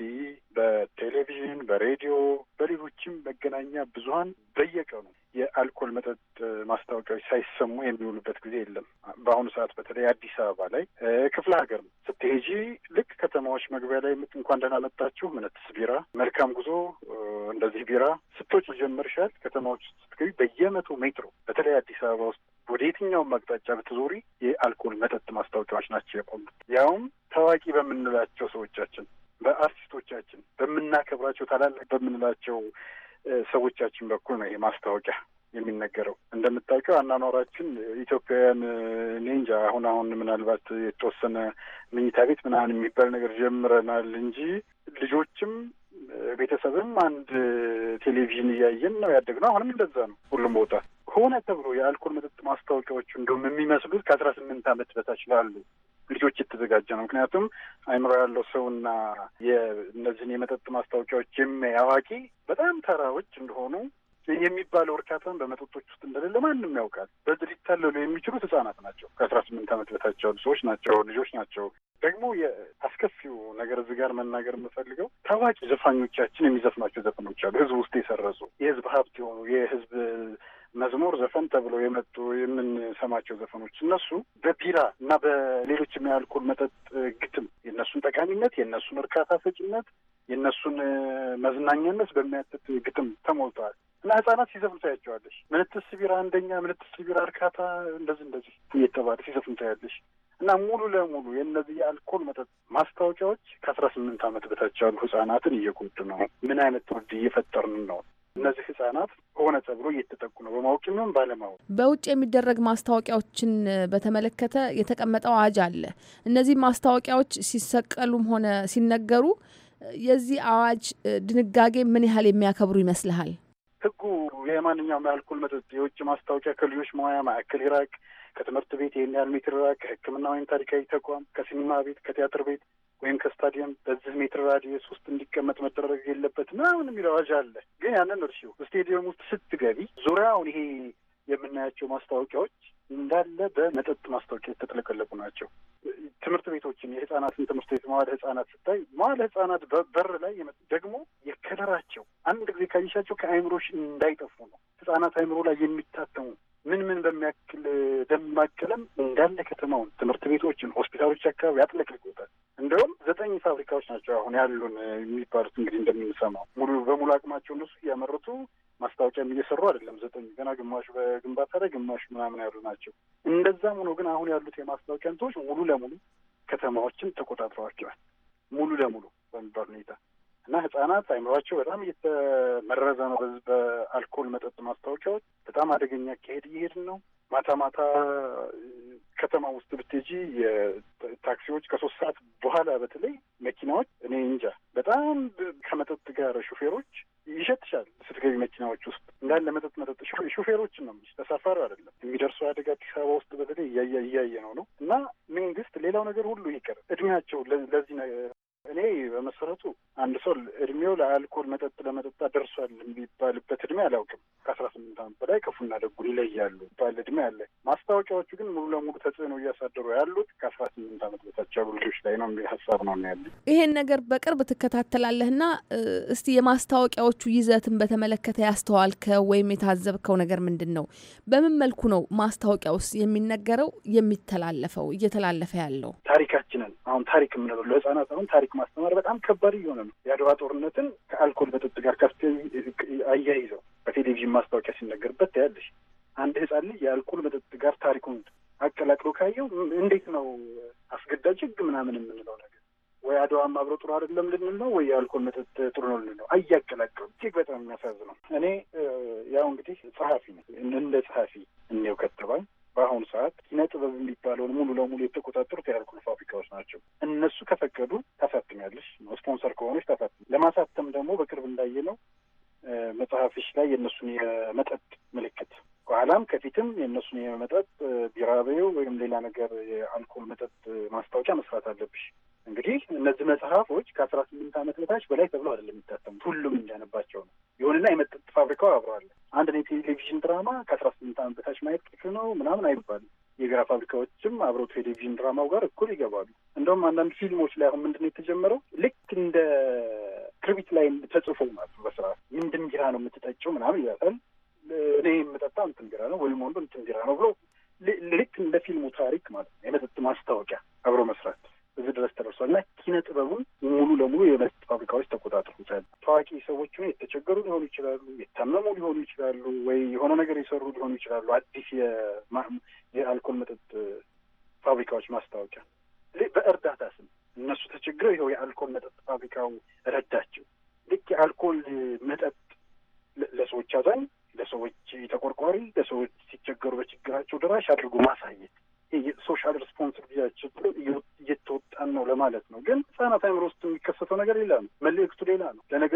በቴሌቪዥን፣ በሬዲዮ፣ በሌሎችም መገናኛ ብዙሀን በየቀኑ የአልኮል መጠጥ ማስታወቂያዎች ሳይሰሙ የሚውሉበት ጊዜ የለም። በአሁኑ ሰዓት በተለይ አዲስ አበባ ላይ ክፍለ ሀገር ስትሄጂ ልክ ከተማዎች መግቢያ ላይ እንኳን ደህና መጣችሁ ምነትስ ቢራ፣ መልካም ጉዞ፣ እንደዚህ ቢራ ስቶች ጀምርሻል። ከተማዎች ውስጥ ስትገቢ በየመቶ ሜትሮ በተለይ አዲስ አበባ ውስጥ ወደ የትኛውም አቅጣጫ ብትዞሪ የአልኮል መጠጥ ማስታወቂያዎች ናቸው የቆሙት። ያውም ታዋቂ በምንላቸው ሰዎቻችን፣ በአርቲስቶቻችን፣ በምናከብራቸው ታላላቅ በምንላቸው ሰዎቻችን በኩል ነው ይሄ ማስታወቂያ የሚነገረው። እንደምታውቀው አናኗራችን ኢትዮጵያውያን እኔ እንጃ አሁን አሁን ምናልባት የተወሰነ መኝታ ቤት ምናምን የሚባል ነገር ጀምረናል እንጂ ልጆችም ቤተሰብም አንድ ቴሌቪዥን እያየን ነው ያደግነው። አሁንም እንደዛ ነው። ሁሉም ቦታ ሆነ ተብሎ የአልኮል መጠጥ ማስታወቂያዎቹ እንደውም የሚመስሉት ከአስራ ስምንት ዓመት በታች ላሉ ልጆች የተዘጋጀ ነው። ምክንያቱም አይምሮ ያለው ሰውና የእነዚህን የመጠጥ ማስታወቂያዎች የሚያይ አዋቂ በጣም ተራዎች እንደሆኑ የሚባለው እርካታን በመጠጦች ውስጥ እንደሌለ ማንም ያውቃል። በዚህ ሊታለሉ የሚችሉት ህጻናት ናቸው። ከአስራ ስምንት ዓመት በታች ያሉ ሰዎች ናቸው፣ ልጆች ናቸው። ደግሞ የአስከፊው ነገር እዚህ ጋር መናገር የምፈልገው ታዋቂ ዘፋኞቻችን የሚዘፍኗቸው ዘፈኖች አሉ፣ ህዝብ ውስጥ የሰረጹ የህዝብ ሀብት የሆኑ የህዝብ መዝሙር፣ ዘፈን ተብሎ የመጡ የምንሰማቸው ዘፈኖች እነሱ በቢራ እና በሌሎችም የአልኮል መጠጥ ግጥም የእነሱን ጠቃሚነት፣ የእነሱን እርካታ ሰጪነት፣ የእነሱን መዝናኛነት በሚያትት ግጥም ተሞልተዋል እና ህጻናት ሲዘፍኑ ታያቸዋለሽ። ምንትስ ቢራ አንደኛ፣ ምንትስ ቢራ እርካታ፣ እንደዚህ እንደዚህ እየተባለ ሲዘፍኑ ታያለሽ። እና ሙሉ ለሙሉ የእነዚህ የአልኮል መጠጥ ማስታወቂያዎች ከአስራ ስምንት ዓመት በታች ያሉ ህጻናትን እየጎዱ ነው። ምን አይነት ትውልድ እየፈጠርን ነው? እነዚህ ህጻናት ሆነ ተብሎ እየተጠቁ ነው በማወቅ የሚሆን ባለማወቅ። በውጭ የሚደረግ ማስታወቂያዎችን በተመለከተ የተቀመጠው አዋጅ አለ። እነዚህ ማስታወቂያዎች ሲሰቀሉም ሆነ ሲነገሩ የዚህ አዋጅ ድንጋጌ ምን ያህል የሚያከብሩ ይመስልሃል? ህጉ የማንኛውም የአልኮል መጠጥ የውጭ ማስታወቂያ ከልጆች መዋያ ማዕከል ይራቅ ከትምህርት ቤት ይህን ያህል ሜትር ራቅ፣ ከህክምና ወይም ታሪካዊ ተቋም፣ ከሲኒማ ቤት፣ ከቲያትር ቤት ወይም ከስታዲየም በዚህ ሜትር ራዲየስ ውስጥ እንዲቀመጥ መደረግ የለበት ምናምን የሚል አዋጅ አለ። ግን ያንን እርሺው ስቴዲየም ውስጥ ስትገቢ ዙሪያውን ይሄ የምናያቸው ማስታወቂያዎች እንዳለ በመጠጥ ማስታወቂያ የተጠለቀለቁ ናቸው። ትምህርት ቤቶችን የህጻናትን ትምህርት ቤት መዋለ ህጻናት ስታይ መዋለ ህጻናት በር ላይ ደግሞ የከለራቸው አንድ ጊዜ ካየሻቸው ከአእምሮሽ እንዳይጠፉ ነው። ህጻናት አይምሮ ላይ የሚታተሙ ምን ምን በሚያክል ደማቅ ቀለም እንዳለ ከተማውን፣ ትምህርት ቤቶችን፣ ሆስፒታሎች አካባቢ ያጥለቅልቆታል። እንደውም ዘጠኝ ፋብሪካዎች ናቸው አሁን ያሉን የሚባሉት እንግዲህ እንደምንሰማው ሙሉ በሙሉ አቅማቸው እነሱ እያመረቱ ማስታወቂያም እየሰሩ አይደለም። ዘጠኝ ገና ግማሹ በግንባታ ላይ ግማሹ ምናምን ያሉ ናቸው። እንደዛም ሆኖ ግን አሁን ያሉት የማስታወቂያ እንትኖች ሙሉ ለሙሉ ከተማዎችን ተቆጣጥረዋቸዋል ሙሉ ለሙሉ በሚባል ሁኔታ እና ህጻናት አይምሯቸው በጣም እየተመረዘ ነው። በዚህ በአልኮል መጠጥ ማስታወቂያዎች በጣም አደገኛ አካሄድ እየሄድን ነው። ማታ ማታ ከተማ ውስጥ ብትሄጂ የታክሲዎች ከሶስት ሰዓት በኋላ በተለይ መኪናዎች እኔ እንጃ በጣም ከመጠጥ ጋር ሹፌሮች ይሸትሻል። ስትገቢ መኪናዎች ውስጥ እንዳለ መጠጥ መጠጥ ሹፌሮችን ነው የሚልሽ ተሳፋሪ አይደለም። የሚደርሰው አደጋ አዲስ አበባ ውስጥ በተለይ እያየ እያየ ነው ነው እና መንግስት ሌላው ነገር ሁሉ ይቅር እድሜያቸው ለዚህ እኔ በመሰረቱ አንድ ሰው እድሜው ለአልኮል መጠጥ ለመጠጣ ደርሷል የሚባልበት እድሜ አላውቅም። ከአስራ ስምንት ዓመት በላይ ክፉና ደጉን ይለያሉ ባለ እድሜ አለ። ማስታወቂያዎቹ ግን ሙሉ ለሙሉ ተጽዕኖ እያሳደሩ ያሉት ከአስራ ስምንት ዓመት በታች ያሉ ልጆች ላይ ነው የሚል ሀሳብ ነው ያለ። ይሄን ነገር በቅርብ ትከታተላለህና እስቲ የማስታወቂያዎቹ ይዘትን በተመለከተ ያስተዋልከው ወይም የታዘብከው ነገር ምንድን ነው? በምን መልኩ ነው ማስታወቂያ ውስጥ የሚነገረው የሚተላለፈው እየተላለፈ ያለው? ታሪካችንን አሁን ታሪክ የምንለው ለህጻናት አሁን ታሪክ ማስተማር በጣም ከባድ እየሆነ ነው። የአድዋ ጦርነትን ከአልኮል መጠጥ ጋር ከፍ አያይዘው በቴሌቪዥን ማስታወቂያ ሲነገርበት ታያለሽ። አንድ ህጻን ልጅ የአልኮል መጠጥ ጋር ታሪኩን አቀላቅሎ ካየው እንዴት ነው አስገዳጅ ህግ ምናምን የምንለው ነገር ወይ አድዋም አብሮ ጥሩ አይደለም ልንለው፣ ወይ የአልኮል መጠጥ ጥሩ ነው ልንለው፣ አያቀላቅሉ እጅግ በጣም የሚያሳዝ ነው። እኔ ያው እንግዲህ ጸሐፊ ነው እንደ ጸሐፊ እኔው ከተባኝ በአሁኑ ሰዓት ኪነ ጥበብ የሚባለውን ሙሉ ለሙሉ የተቆጣጠሩት የአልኮል ፋብሪካዎች ናቸው። እነሱ ከፈቀዱ ታሳትሚያለሽ፣ ስፖንሰር ከሆነች ታሳትሚ። ለማሳተም ደግሞ በቅርብ እንዳየ ነው መጽሐፍሽ ላይ የእነሱን የመጠጥ ምልክት ከኋላም ከፊትም የእነሱን የመጠጥ ቢራቤው ወይም ሌላ ነገር የአልኮል መጠጥ ማስታወቂያ መስራት አለብሽ። እንግዲህ እነዚህ መጽሐፎች ከአስራ ስምንት ዓመት በታች በላይ ተብሎ አይደለም የሚታተሙት፣ ሁሉም እንዲያነባቸው ነው። ይሁንና የመጠጥ ፋብሪካው አብረዋለ። አንድ ቴሌቪዥን ድራማ ከአስራ ስምንት ዓመት በታች ማየት ነው ምናምን አይባልም። የግራ ፋብሪካዎችም አብረው ቴሌቪዥን ድራማው ጋር እኩል ይገባሉ። እንደውም አንዳንድ ፊልሞች ላይ አሁን ምንድነው የተጀመረው ልክ እንደ ክርቢት ላይ ተጽፎ ማለት ነው በስርዓት ምንድን ቢራ ነው የምትጠጪው ምናምን ይላል። እኔ የምጠጣ እንትን ቢራ ነው ወይም ወንዶ እንትን ቢራ ነው ብሎ ልክ እንደ ፊልሙ ታሪክ ማለት ነው የመጠጥ ማስታወቂያ አብሮ መስራት እዚህ ድረስ ተደርሷል። እና ኪነ ጥበቡን ሙሉ ለሙሉ የመጠጥ ፋብሪካዎች ተቆጣጥሩታል። ታዋቂ ሰዎች የተቸገሩ ሊሆኑ ይችላሉ፣ የታመሙ ሊሆኑ ይችላሉ፣ ወይ የሆነ ነገር የሰሩ ሊሆኑ ይችላሉ። አዲስ የአልኮል መጠጥ ፋብሪካዎች ማስታወቂያ በእርዳታ ስም እነሱ ተቸግረው ይኸው የአልኮል መጠጥ ፋብሪካው ረዳቸው። ልክ የአልኮል መጠጥ ለሰዎች አዛኝ፣ ለሰዎች ተቆርቋሪ፣ ለሰዎች ሲቸገሩ በችግራቸው ደራሽ አድርጎ ማሳየት ሶሻል ሬስፖንስብሊቲያቸው እየተወጣን ነው ለማለት ነው። ግን ህጻናት አይምሮ ውስጥ የሚከሰተው ነገር ሌላ ነው። መልእክቱ ሌላ ነው። ለነገ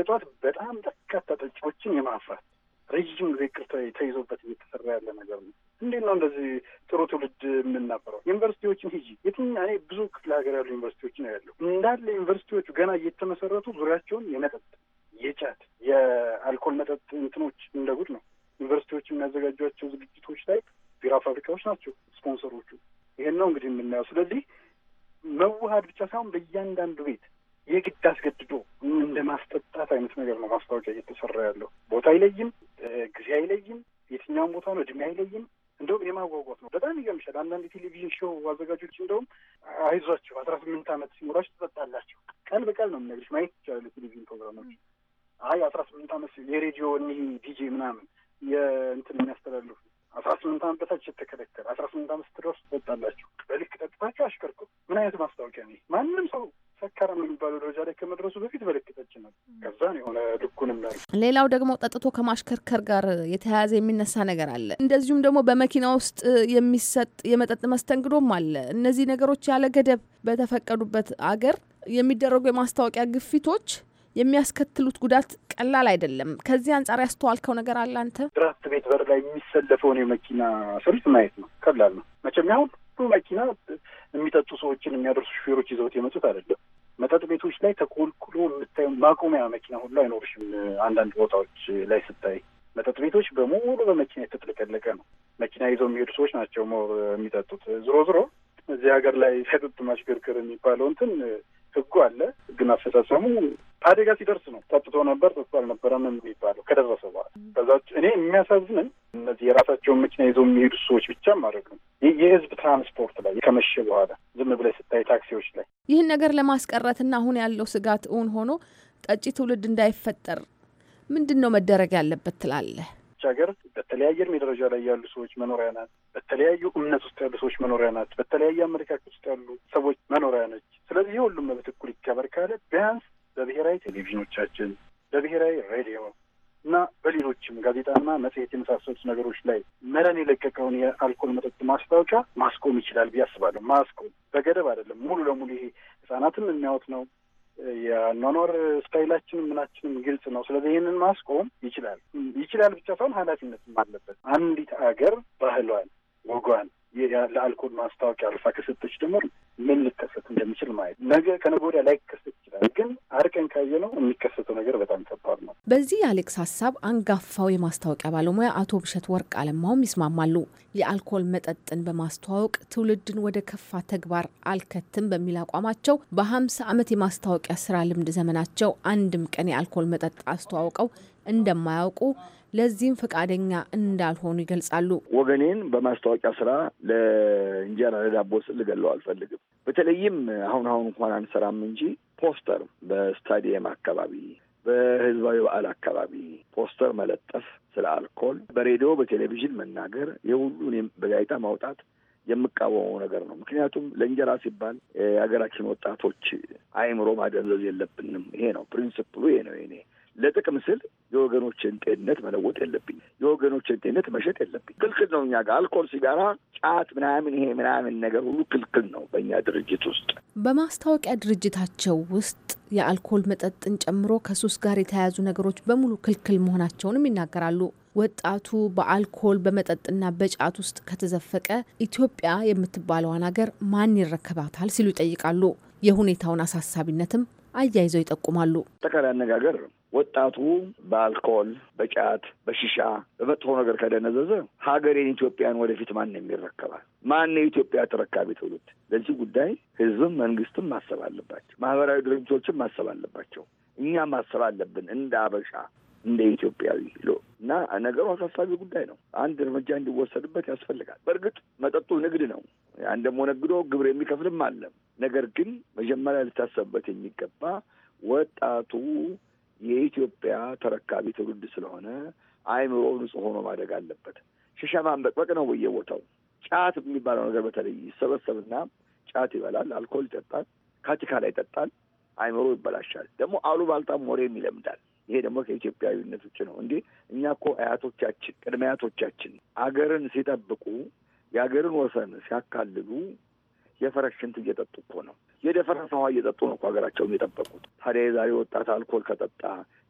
በጣም በርካታ ጠጪዎችን የማፍራት ረጅም ጊዜ ቅርታ ተይዞበት እየተሰራ ያለ ነገር ነው። እንዴት ነው እንደዚህ ጥሩ ትውልድ የምናበረው? ዩኒቨርሲቲዎችን ሂጂ የትኛ እኔ ብዙ ክፍለ ሀገር ያሉ ዩኒቨርሲቲዎች ነው ያለው እንዳለ ዩኒቨርሲቲዎቹ ገና እየተመሰረቱ ዙሪያቸውን የመጠጥ የጫት የአልኮል መጠጥ እንትኖች እንደ ጉድ ነው። ዩኒቨርሲቲዎች የሚያዘጋጇቸው ዝግጅቶች ላይ ቢራ ፋብሪካዎች ናቸው ስፖንሰሮቹ። ይሄን ነው እንግዲህ የምናየው። ስለዚህ መዋሀድ ብቻ ሳይሆን በእያንዳንዱ ቤት የግድ አስገድዶ እንደ ማስጠጣት አይነት ነገር ነው ማስታወቂያ እየተሰራ ያለው። ቦታ አይለይም፣ ጊዜ አይለይም፣ የትኛውን ቦታ ነው፣ እድሜ አይለይም። እንደውም የማጓጓት ነው። በጣም ይገርምሻል። አንዳንድ የቴሌቪዥን ሾው አዘጋጆች እንደውም አይዟቸው አስራ ስምንት ዓመት ሲኖራቸው ትጠጣላቸው። ቃል በቃል ነው የምነግርሽ። ማየት ይቻላል የቴሌቪዥን ፕሮግራሞች። አይ አስራ ስምንት ዓመት የሬዲዮ እኒህ ዲጄ ምናምን የእንትን የሚያስተላልፉ አስራ ስምንት ዓመት በታች የተከለከለ አስራ ስምንት ዓመት ስትደርስ ትጠጣላችሁ። በልክ ጠጥታችሁ አሽከርኩ። ምን አይነት ማስታወቂያ ነው? ማንም ሰው ሰካራም የሚባለው ደረጃ ላይ ከመድረሱ በፊት ምልክቶች ነው። ከዛን የሆነ ልኩንም ላይ ሌላው ደግሞ ጠጥቶ ከማሽከርከር ጋር የተያያዘ የሚነሳ ነገር አለ። እንደዚሁም ደግሞ በመኪና ውስጥ የሚሰጥ የመጠጥ መስተንግዶም አለ። እነዚህ ነገሮች ያለ ገደብ በተፈቀዱበት አገር የሚደረጉ የማስታወቂያ ግፊቶች የሚያስከትሉት ጉዳት ቀላል አይደለም። ከዚህ አንጻር ያስተዋልከው ነገር አለ አንተ? ድራፍት ቤት በር ላይ የሚሰለፈውን የመኪና ሰልፍ ማየት ነው። ቀላል ነው መቼም ያሁን መኪና የሚጠጡ ሰዎችን የሚያደርሱ ሹፌሮች ይዘውት የመጡት አይደለም። መጠጥ ቤቶች ላይ ተኮልኩሎ የምታየው ማቆሚያ መኪና ሁሉ አይኖርሽም። አንዳንድ ቦታዎች ላይ ስታይ መጠጥ ቤቶች በሙሉ በመኪና የተጥለቀለቀ ነው። መኪና ይዘው የሚሄዱ ሰዎች ናቸው የሚጠጡት። ዝሮ ዝሮ እዚህ ሀገር ላይ ሰጥጥ ማሽከርከር የሚባለው እንትን ህጉ አለ። ግን አፈጻጸሙ አደጋ ሲደርስ ነው። ጠጥቶ ነበር ጠጥቶ አልነበረም የሚባለው ከደረሰ በኋላ። በዛ እኔ የሚያሳዝንን እነዚህ የራሳቸውን መኪና ይዘው የሚሄዱ ሰዎች ብቻ ማድረግ ነው። የህዝብ ትራንስፖርት ላይ ከመሸ በኋላ ዝም ብለህ ስታይ ታክሲዎች ላይ ይህን ነገር ለማስቀረትና አሁን ያለው ስጋት እውን ሆኖ ጠጪ ትውልድ እንዳይፈጠር ምንድን ነው መደረግ ያለበት ትላለህ? ሀገር በተለያየ እድሜ ደረጃ ላይ ያሉ ሰዎች መኖሪያ ናት። በተለያዩ እምነት ውስጥ ያሉ ሰዎች መኖሪያ ናት። በተለያየ አመለካከት ውስጥ ያሉ ሰዎች መኖሪያ ነች። ስለዚህ የሁሉም መብት እኩል ይከበር ካለ ቢያንስ በብሔራዊ ቴሌቪዥኖቻችን፣ በብሔራዊ ሬዲዮ እና በሌሎችም ጋዜጣና መጽሔት የመሳሰሉት ነገሮች ላይ መረን የለቀቀውን የአልኮል መጠጥ ማስታወቂያ ማስቆም ይችላል ብዬ አስባለሁ። ማስቆም በገደብ አይደለም፣ ሙሉ ለሙሉ ይሄ ህጻናትም የሚያወት ነው የአኗኗር ስታይላችንም ምናችንም ግልጽ ነው። ስለዚህ ይህንን ማስቆም ይችላል ይችላል ብቻ ሳይሆን ኃላፊነትም አለበት። አንዲት አገር ባህሏን፣ ወጓን ለአልኮል ማስታወቂያ አልፋ ከሰጠች ደግሞ ምን ሊከሰት እንደሚችል ማየት ነገ ከነገ ወዲያ ላይ ከሰት ይችላል፣ ግን አርቀን ካየ ነው የሚከሰተው ነገር በጣም ከባድ ነው። በዚህ የአሌክስ ሀሳብ አንጋፋው የማስታወቂያ ባለሙያ አቶ ብሸት ወርቅ አለማውም ይስማማሉ። የአልኮል መጠጥን በማስተዋወቅ ትውልድን ወደ ከፋ ተግባር አልከትም በሚል አቋማቸው በሀምሳ ዓመት የማስታወቂያ ስራ ልምድ ዘመናቸው አንድም ቀን የአልኮል መጠጥ አስተዋውቀው እንደማያውቁ ለዚህም ፈቃደኛ እንዳልሆኑ ይገልጻሉ። ወገኔን በማስታወቂያ ስራ ለእንጀራ ለዳቦ ስል ልገለው አልፈልግም። በተለይም አሁን አሁን እንኳን አንሰራም እንጂ ፖስተር በስታዲየም አካባቢ በህዝባዊ በዓል አካባቢ ፖስተር መለጠፍ፣ ስለ አልኮል በሬዲዮ በቴሌቪዥን መናገር፣ የሁሉን በጋዜጣ ማውጣት የምቃወመው ነገር ነው። ምክንያቱም ለእንጀራ ሲባል የሀገራችን ወጣቶች አእምሮ ማደንዘዝ የለብንም። ይሄ ነው ፕሪንስፕሉ፣ ይሄ ነው ይኔ ለጥቅም ስል የወገኖችን ጤንነት መለወጥ የለብኝ። የወገኖችን ጤንነት መሸጥ የለብኝ። ክልክል ነው። እኛ ጋር አልኮል፣ ሲጋራ፣ ጫት ምናምን ይሄ ምናምን ነገር ሁሉ ክልክል ነው በእኛ ድርጅት ውስጥ። በማስታወቂያ ድርጅታቸው ውስጥ የአልኮል መጠጥን ጨምሮ ከሱስ ጋር የተያያዙ ነገሮች በሙሉ ክልክል መሆናቸውንም ይናገራሉ። ወጣቱ በአልኮል በመጠጥና በጫት ውስጥ ከተዘፈቀ ኢትዮጵያ የምትባለዋን ሀገር ማን ይረከባታል ሲሉ ይጠይቃሉ። የሁኔታውን አሳሳቢነትም አያይዘው ይጠቁማሉ። አጠቃላይ አነጋገር ወጣቱ በአልኮል፣ በጫት፣ በሽሻ፣ በመጥፎ ነገር ከደነዘዘ ሀገሬን ኢትዮጵያን ወደፊት ማን ነው የሚረከባል? ማን ነው የኢትዮጵያ ተረካቢ ትውልድ? ለዚህ ጉዳይ ህዝብም መንግስትም ማሰብ አለባቸው። ማህበራዊ ድርጅቶችም ማሰብ አለባቸው። እኛ ማሰብ አለብን እንደ አበሻ እንደ ኢትዮጵያዊ ሎ እና ነገሩ አሳሳቢ ጉዳይ ነው። አንድ እርምጃ እንዲወሰድበት ያስፈልጋል። በእርግጥ መጠጡ ንግድ ነው። ያን ደግሞ ነግዶ ግብር የሚከፍልም አለ። ነገር ግን መጀመሪያ ልታሰብበት የሚገባ ወጣቱ የኢትዮጵያ ተረካቢ ትውልድ ስለሆነ አይምሮ ንጹህ ሆኖ ማደግ አለበት። ሽሻ ማንበቅበቅ ነው በየቦታው ጫት የሚባለው ነገር በተለይ ይሰበሰብና ጫት ይበላል፣ አልኮል ይጠጣል፣ ላይ ይጠጣል፣ አይምሮ ይበላሻል። ደግሞ አሉባልታም ወሬም ይለምዳል። ይሄ ደግሞ ከኢትዮጵያዊነት ውጭ ነው እንዴ! እኛ እኮ አያቶቻችን ቅድመ አያቶቻችን አገርን ሲጠብቁ የአገርን ወሰን ሲያካልሉ የፈረስ ሽንት እየጠጡ እኮ ነው። የደፈረሰ ውሃ እየጠጡ ነው እኮ ሀገራቸውን የጠበቁት። ታዲያ የዛሬ ወጣት አልኮል ከጠጣ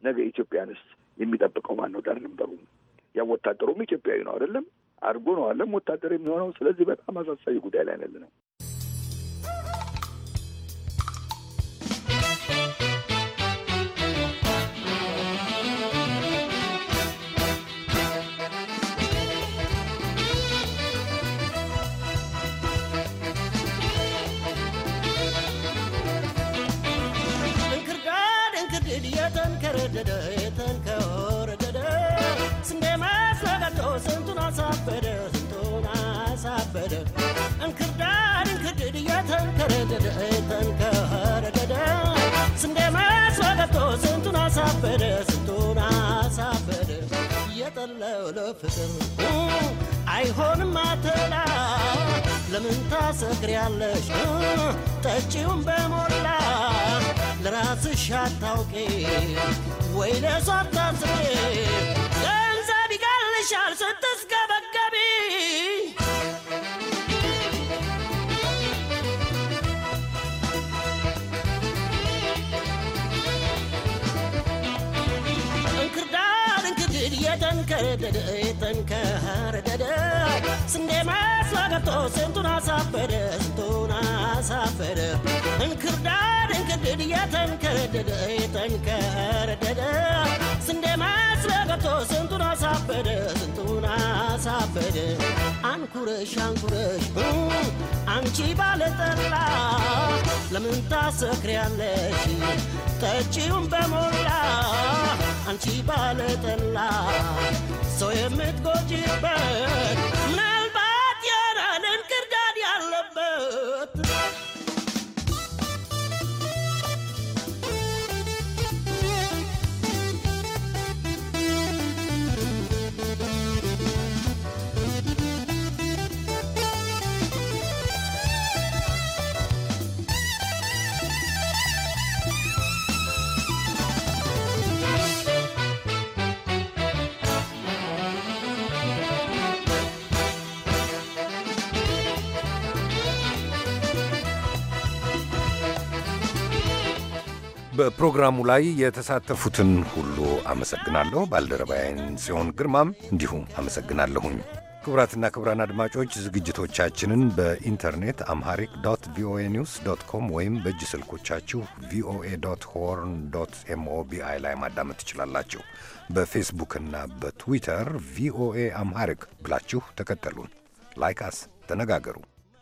ነገ ኢትዮጵያንስ የሚጠብቀው ማን ነው? ዳር ድንበሩ ያ ወታደሩም ኢትዮጵያዊ ነው አይደለም? አድርጎ ነው አለም ወታደር የሚሆነው። ስለዚህ በጣም አሳሳቢ ጉዳይ ላይ ያለ ነው። እንክርዳድ እንክድድ እየተንከረደደ ተንከረደደ ስንዴ ስንቱን አሳበደ ስንቱን አሳበደ እየጠለው ለፍቅር አይሆንም አትላ ለምን ታሰክሪያለሽ ጠጪውን በሞላ ለራስሽ አታውቂ ወይ ለሷ አታስቤ ገንዘብ ይቀልሻል ስትስጋ ተቀደደ የተንከረደደ ስንዴ መስሎ ገብቶ ስንቱን አሳፈረ ስንቱን አሳፈረ እንክርዳድ እንክርድድ የተንከረደደ የተንከረደደ ስንዴ መስሎ ገብቶ ስንቱን አሳፈደ ስንቱን አሳፈረ አንኩረሽ አንኩረሽ አንቺ ባለጠላ ለምን ታሰክሪያለሽ ጠጪውን በሞላ አንቺ ባለጠላ ሰው የምትጎጂበት ምናልባት የራንን ክርዳድ ያለበት በፕሮግራሙ ላይ የተሳተፉትን ሁሉ አመሰግናለሁ። ባልደረባዬን ጽዮን ግርማም እንዲሁ አመሰግናለሁኝ። ክቡራትና ክቡራን አድማጮች ዝግጅቶቻችንን በኢንተርኔት አምሃሪክ ዶት ቪኦኤ ኒውስ ዶት ኮም ወይም በእጅ ስልኮቻችሁ ቪኦኤ ዶት ሆርን ዶት ኤምኦቢአይ ላይ ማዳመጥ ትችላላችሁ። በፌስቡክና በትዊተር ቪኦኤ አምሃሪክ ብላችሁ ተከተሉን። ላይክ አስ ተነጋገሩ።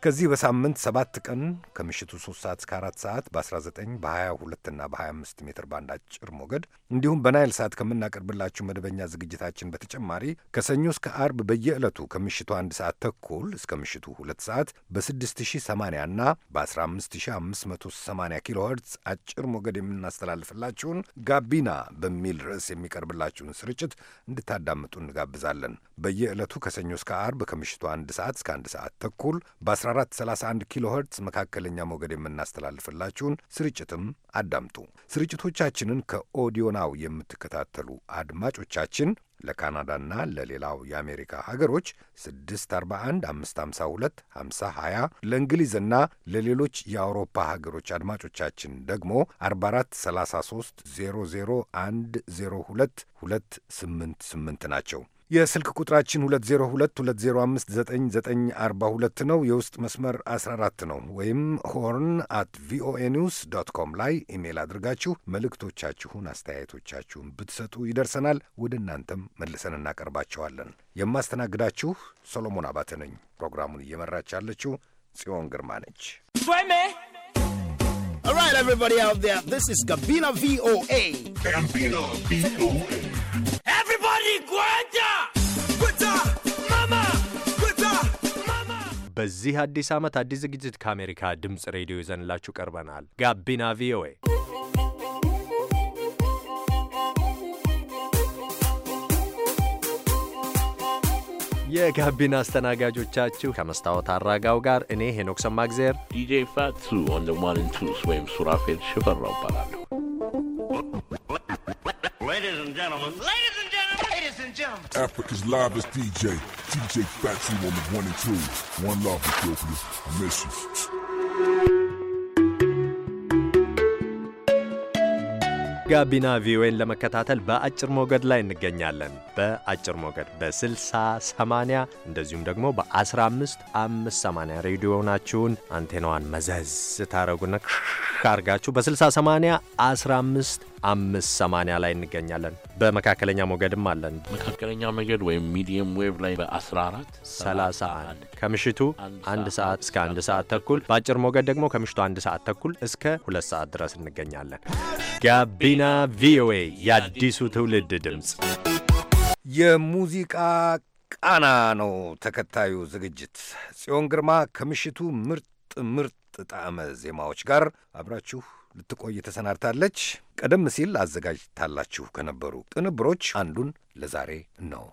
ከዚህ በሳምንት ሰባት ቀን ከምሽቱ 3 ሰዓት እስከ 4 ሰዓት በ19 በ22 እና በ25 ሜትር ባንድ አጭር ሞገድ እንዲሁም በናይል ሰዓት ከምናቀርብላችሁ መደበኛ ዝግጅታችን በተጨማሪ ከሰኞ እስከ አርብ በየዕለቱ ከምሽቱ 1 ሰዓት ተኩል እስከ ምሽቱ 2 ሰዓት በ6080 እና በ15580 ኪሎ አጭር ሞገድ የምናስተላልፍላችሁን ጋቢና በሚል ርዕስ የሚቀርብላችሁን ስርጭት እንድታዳምጡ እንጋብዛለን። በየዕለቱ ከሰኞ እስከ አርብ ከምሽቱ 1 ሰዓት እስከ 1 ሰዓት ተኩል በ በ1431 ኪሎ ኸርትዝ መካከለኛ ሞገድ የምናስተላልፍላችሁን ስርጭትም አዳምጡ። ስርጭቶቻችንን ከኦዲዮናው የምትከታተሉ አድማጮቻችን ለካናዳና ለሌላው የአሜሪካ ሀገሮች 641 552 ለእንግሊዝና ለሌሎች የአውሮፓ ሀገሮች አድማጮቻችን ደግሞ 4433 001 288 ናቸው። የስልክ ቁጥራችን 2022059942 ነው። የውስጥ መስመር 14 ነው። ወይም ሆርን አት ቪኦኤ ኒውስ ዶት ኮም ላይ ኢሜል አድርጋችሁ መልእክቶቻችሁን፣ አስተያየቶቻችሁን ብትሰጡ ይደርሰናል። ወደ እናንተም መልሰን እናቀርባቸዋለን። የማስተናግዳችሁ ሰሎሞን አባተ ነኝ። ፕሮግራሙን እየመራች ያለችው ጽዮን ግርማ ነች። Alright everybody out there, this is Gabina VOA. Gabina VOA. Everybody go! በዚህ አዲስ ዓመት አዲስ ዝግጅት ከአሜሪካ ድምፅ ሬዲዮ ይዘንላችሁ ቀርበናል። ጋቢና ቪኦኤ የጋቢና አስተናጋጆቻችሁ ከመስታወት አራጋው ጋር እኔ ሄኖክ ሰማግዜር፣ ዲጄ ፋቱ ወንደ ሟንንቱስ ወይም ሱራፌል ሽፈራው እባላለሁ። gentlemen. Africa's liveest DJ, DJ Fatsy on the one and two. One love, Ethiopia. I miss you. ጋቢና ቪኦኤን ለመከታተል በአጭር ሞገድ ላይ እንገኛለን። በአጭር ሞገድ በ 60 80 እንደዚሁም ደግሞ በ15580 ሬዲዮናችሁን አንቴናዋን መዘዝ ታደረጉና አርጋችሁ በ 60 80 15 580 ላይ እንገኛለን። በመካከለኛ ሞገድም አለን። መካከለኛ ሞገድ ወይም ሚዲየም ዌቭ ላይ በ1431 ከምሽቱ አንድ ሰዓት እስከ አንድ ሰዓት ተኩል በአጭር ሞገድ ደግሞ ከምሽቱ አንድ ሰዓት ተኩል እስከ ሁለት ሰዓት ድረስ እንገኛለን። ጋቢና ቪኦኤ የአዲሱ ትውልድ ድምፅ የሙዚቃ ቃና ነው ተከታዩ ዝግጅት። ጽዮን ግርማ ከምሽቱ ምርጥ ምርጥ ጣዕመ ዜማዎች ጋር አብራችሁ ልትቆይ ተሰናድታለች። ቀደም ሲል አዘጋጅታላችሁ ከነበሩ ቅንብሮች አንዱን ለዛሬ ነው።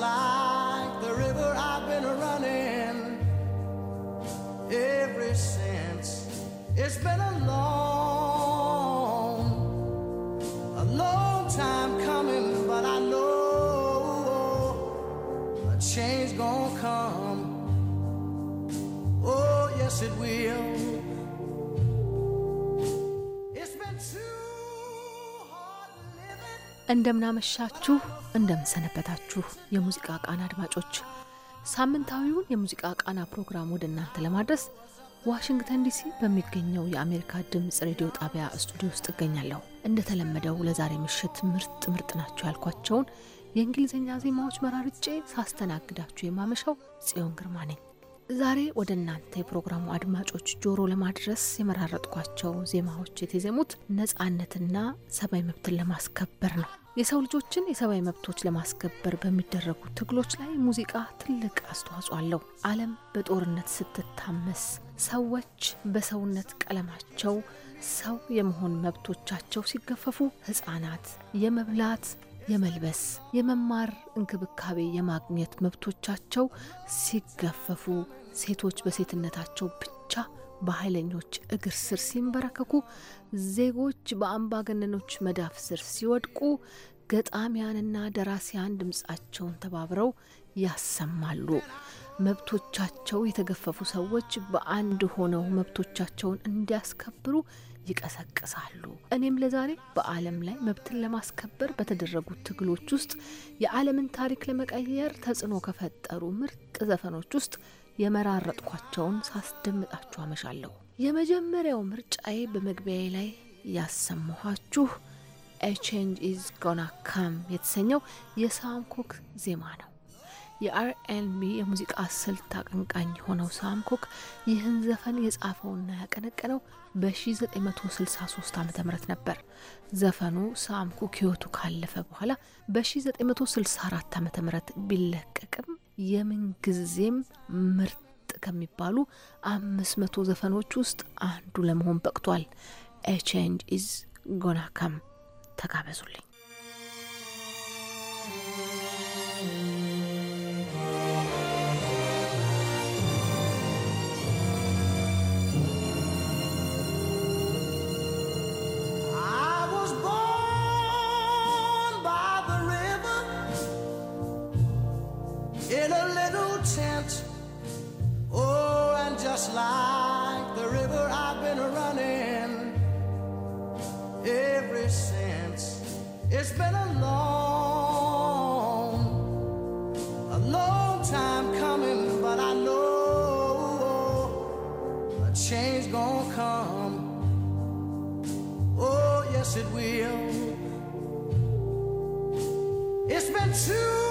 like the river I've been running ever since. It's been a long, a long time coming, but I know a change gonna come. Oh, yes, it will. እንደምናመሻችሁ እንደምንሰነበታችሁ የሙዚቃ ቃና አድማጮች፣ ሳምንታዊውን የሙዚቃ ቃና ፕሮግራም ወደ እናንተ ለማድረስ ዋሽንግተን ዲሲ በሚገኘው የአሜሪካ ድምፅ ሬዲዮ ጣቢያ ስቱዲዮ ውስጥ እገኛለሁ። እንደተለመደው ለዛሬ ምሽት ምርጥ ምርጥ ናቸው ያልኳቸውን የእንግሊዝኛ ዜማዎች መራርጬ ሳስተናግዳችሁ የማመሻው ጽዮን ግርማ ነኝ። ዛሬ ወደ እናንተ የፕሮግራሙ አድማጮች ጆሮ ለማድረስ የመራረጥኳቸው ዜማዎች የተዜሙት ነፃነትና ሰብአዊ መብትን ለማስከበር ነው። የሰው ልጆችን የሰብአዊ መብቶች ለማስከበር በሚደረጉ ትግሎች ላይ ሙዚቃ ትልቅ አስተዋጽኦ አለው። ዓለም በጦርነት ስትታመስ ሰዎች በሰውነት ቀለማቸው ሰው የመሆን መብቶቻቸው ሲገፈፉ፣ ሕፃናት የመብላት፣ የመልበስ፣ የመማር እንክብካቤ የማግኘት መብቶቻቸው ሲገፈፉ፣ ሴቶች በሴትነታቸው ብቻ በኃይለኞች እግር ስር ሲንበረከኩ፣ ዜጎች በአምባገነኖች መዳፍ ስር ሲወድቁ፣ ገጣሚያንና ደራሲያን ድምፃቸውን ተባብረው ያሰማሉ። መብቶቻቸው የተገፈፉ ሰዎች በአንድ ሆነው መብቶቻቸውን እንዲያስከብሩ ይቀሰቅሳሉ። እኔም ለዛሬ በዓለም ላይ መብትን ለማስከበር በተደረጉት ትግሎች ውስጥ የዓለምን ታሪክ ለመቀየር ተጽዕኖ ከፈጠሩ ምርጥ ዘፈኖች ውስጥ የመራረጥኳቸውን ሳስደምጣችሁ አመሻለሁ። የመጀመሪያው ምርጫዬ በመግቢያዬ ላይ ያሰማኋችሁ ኤቼንጅ ኢዝ ጎና ካም የተሰኘው የሳምኮክ ዜማ ነው። የአርኤንቢ የሙዚቃ ስልት አቀንቃኝ የሆነው ሳምኮክ ይህን ዘፈን የጻፈውና ያቀነቀነው በ1963 ዓ ም ነበር። ዘፈኑ ሳምኮክ ሕይወቱ ካለፈ በኋላ በ1964 ዓ ም ቢለቀቅም የምንጊዜም ምርጥ ከሚባሉ አምስት መቶ ዘፈኖች ውስጥ አንዱ ለመሆን በቅቷል። ኤ ቼንጅ ኢዝ ጎና ካም። ተጋበዙልኝ። just like the river I've been running ever since. It's been a long, a long time coming, but I know a change gonna come. Oh, yes, it will. It's been too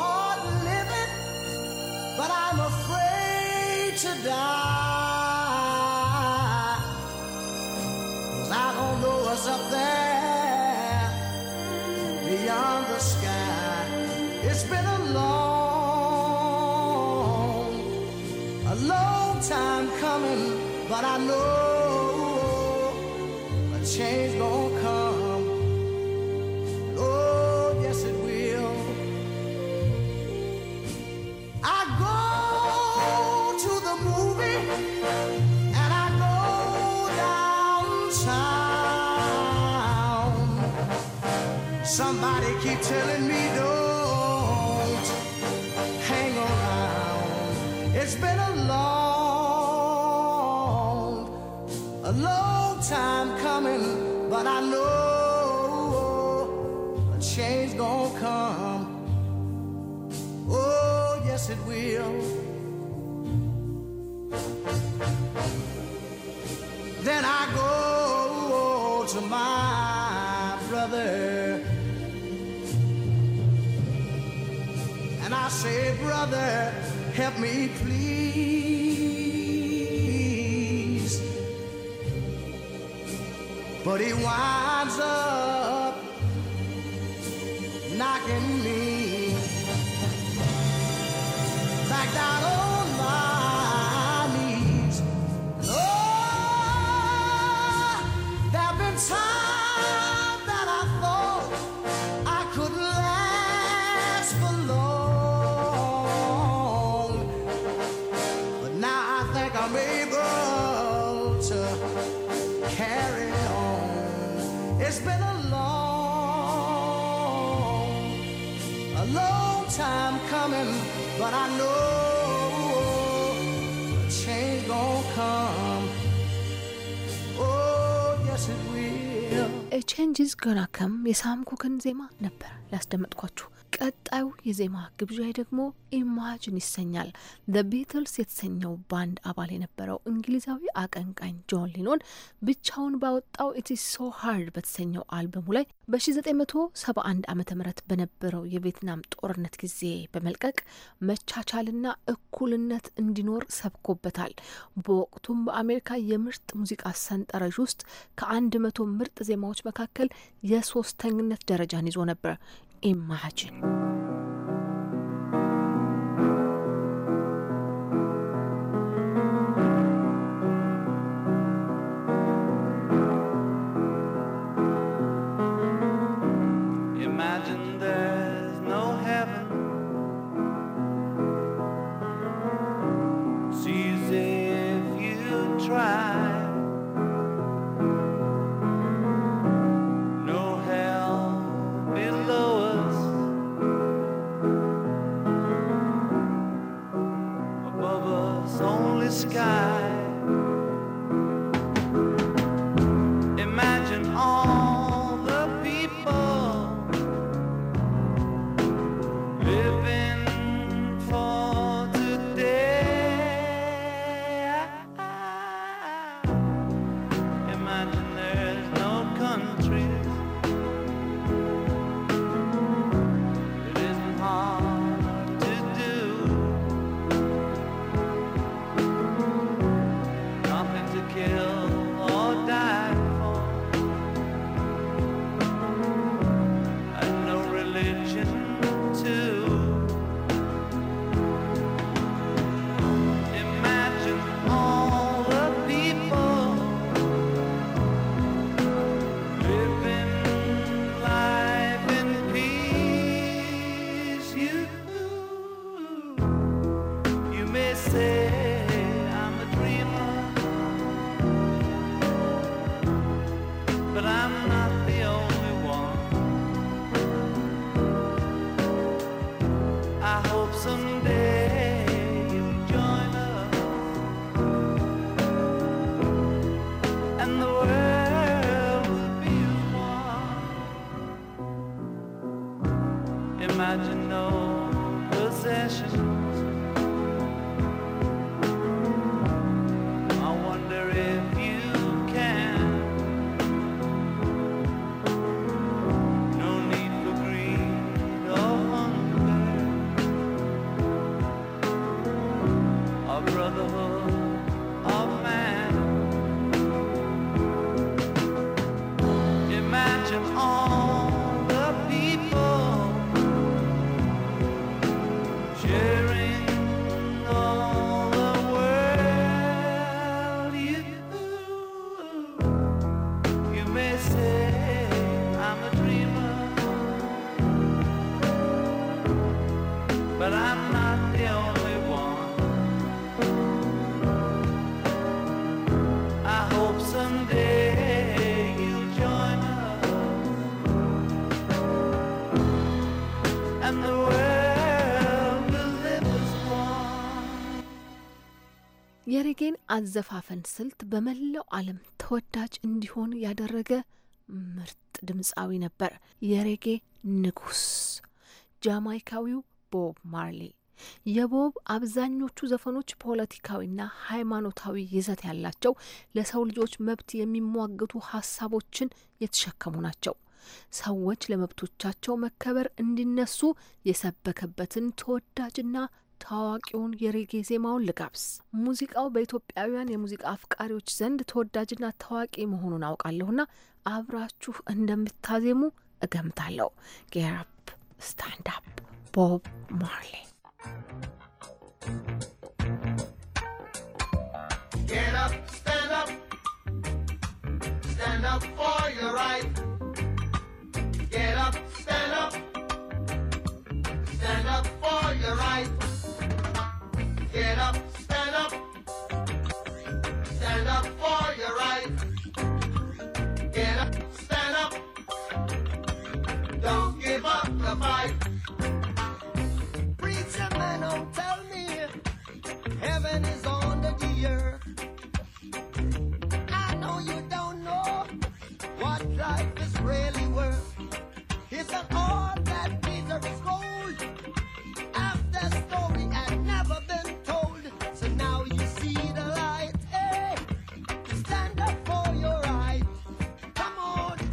hard living, but I'm afraid to die. Cause I don't know what's up there beyond the sky. It's been a long, a long time coming, but I know a change going telling me don't hang around. It's been a long, a long time coming, but I know a change gonna come. Oh, yes, it will. say, brother, help me please. But he long time coming, but I know a change gonna come. Oh, yes it will. A change is gonna come የሳምኮክን ዜማ ነበር ያስደመጥኳችሁ። ቀጣዩ የዜማ ግብዣይ ደግሞ ኢማጅን ይሰኛል። ዘ ቢትልስ የተሰኘው ባንድ አባል የነበረው እንግሊዛዊ አቀንቃኝ ጆን ሊኖን ብቻውን ባወጣው ኢት ሶ ሃርድ በተሰኘው አልበሙ ላይ በ1971 ዓ ም በነበረው የቪየትናም ጦርነት ጊዜ በመልቀቅ መቻቻልና እኩልነት እንዲኖር ሰብኮበታል። በወቅቱም በአሜሪካ የምርጥ ሙዚቃ ሰንጠረዥ ውስጥ ከአንድ መቶ ምርጥ ዜማዎች መካከል የሶስተኝነት ደረጃን ይዞ ነበር። imagine. የሬጌን አዘፋፈን ስልት በመላው ዓለም ተወዳጅ እንዲሆን ያደረገ ምርጥ ድምፃዊ ነበር። የሬጌ ንጉስ ጃማይካዊው ቦብ ማርሊ። የቦብ አብዛኞቹ ዘፈኖች ፖለቲካዊና ሃይማኖታዊ ይዘት ያላቸው፣ ለሰው ልጆች መብት የሚሟግቱ ሀሳቦችን የተሸከሙ ናቸው። ሰዎች ለመብቶቻቸው መከበር እንዲነሱ የሰበከበትን ተወዳጅና ታዋቂውን የሬጌ ዜማውን ልጋብስ ሙዚቃው በኢትዮጵያውያን የሙዚቃ አፍቃሪዎች ዘንድ ተወዳጅና ታዋቂ መሆኑን አውቃለሁና አብራችሁ እንደምታዜሙ እገምታለሁ። ጌራፕ ስታንዳፕ ቦብ ማርሌ Get up, stand up, stand up for your right.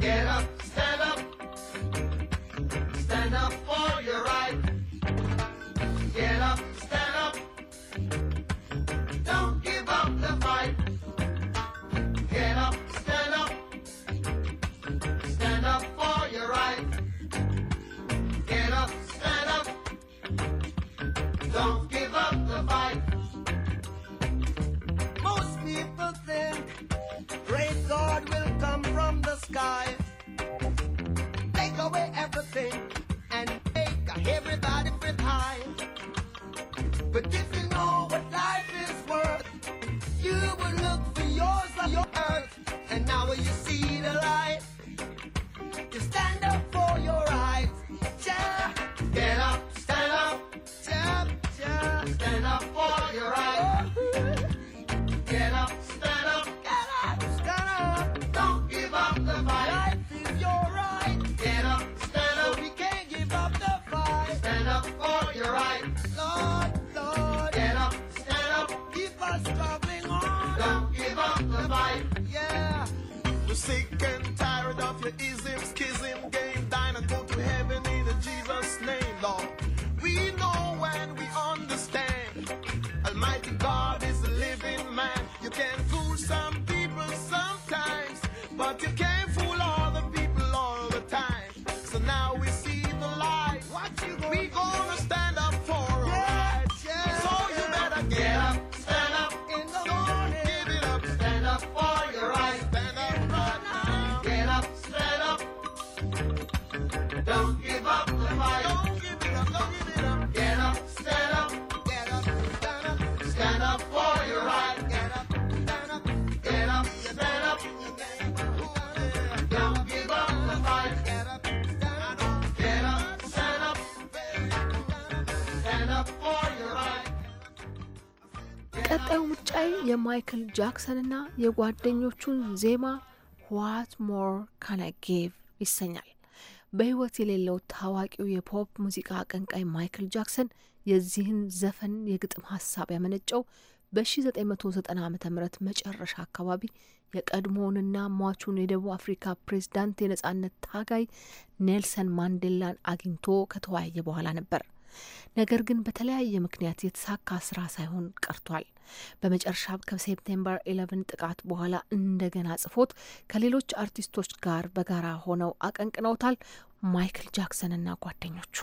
get up. የማይክል ና የጓደኞቹን ዜማ ዋት ሞር ካን አይ ጊቭ ይሰኛል። በህይወት የሌለው ታዋቂው የፖፕ ሙዚቃ አቀንቃይ ማይክል ጃክሰን የዚህን ዘፈን የግጥም ሀሳብ ያመነጨው በ1990 ዓ ም መጨረሻ አካባቢ የቀድሞውንና ሟቹን የደቡብ አፍሪካ ፕሬዝዳንት የነጻነት ታጋይ ኔልሰን ማንዴላን አግኝቶ ከተወያየ በኋላ ነበር። ነገር ግን በተለያየ ምክንያት የተሳካ ስራ ሳይሆን ቀርቷል። በመጨረሻም ከሴፕቴምበር ኢለቨን ጥቃት በኋላ እንደገና ጽፎት ከሌሎች አርቲስቶች ጋር በጋራ ሆነው አቀንቅነውታል ማይክል ጃክሰን እና ጓደኞቹ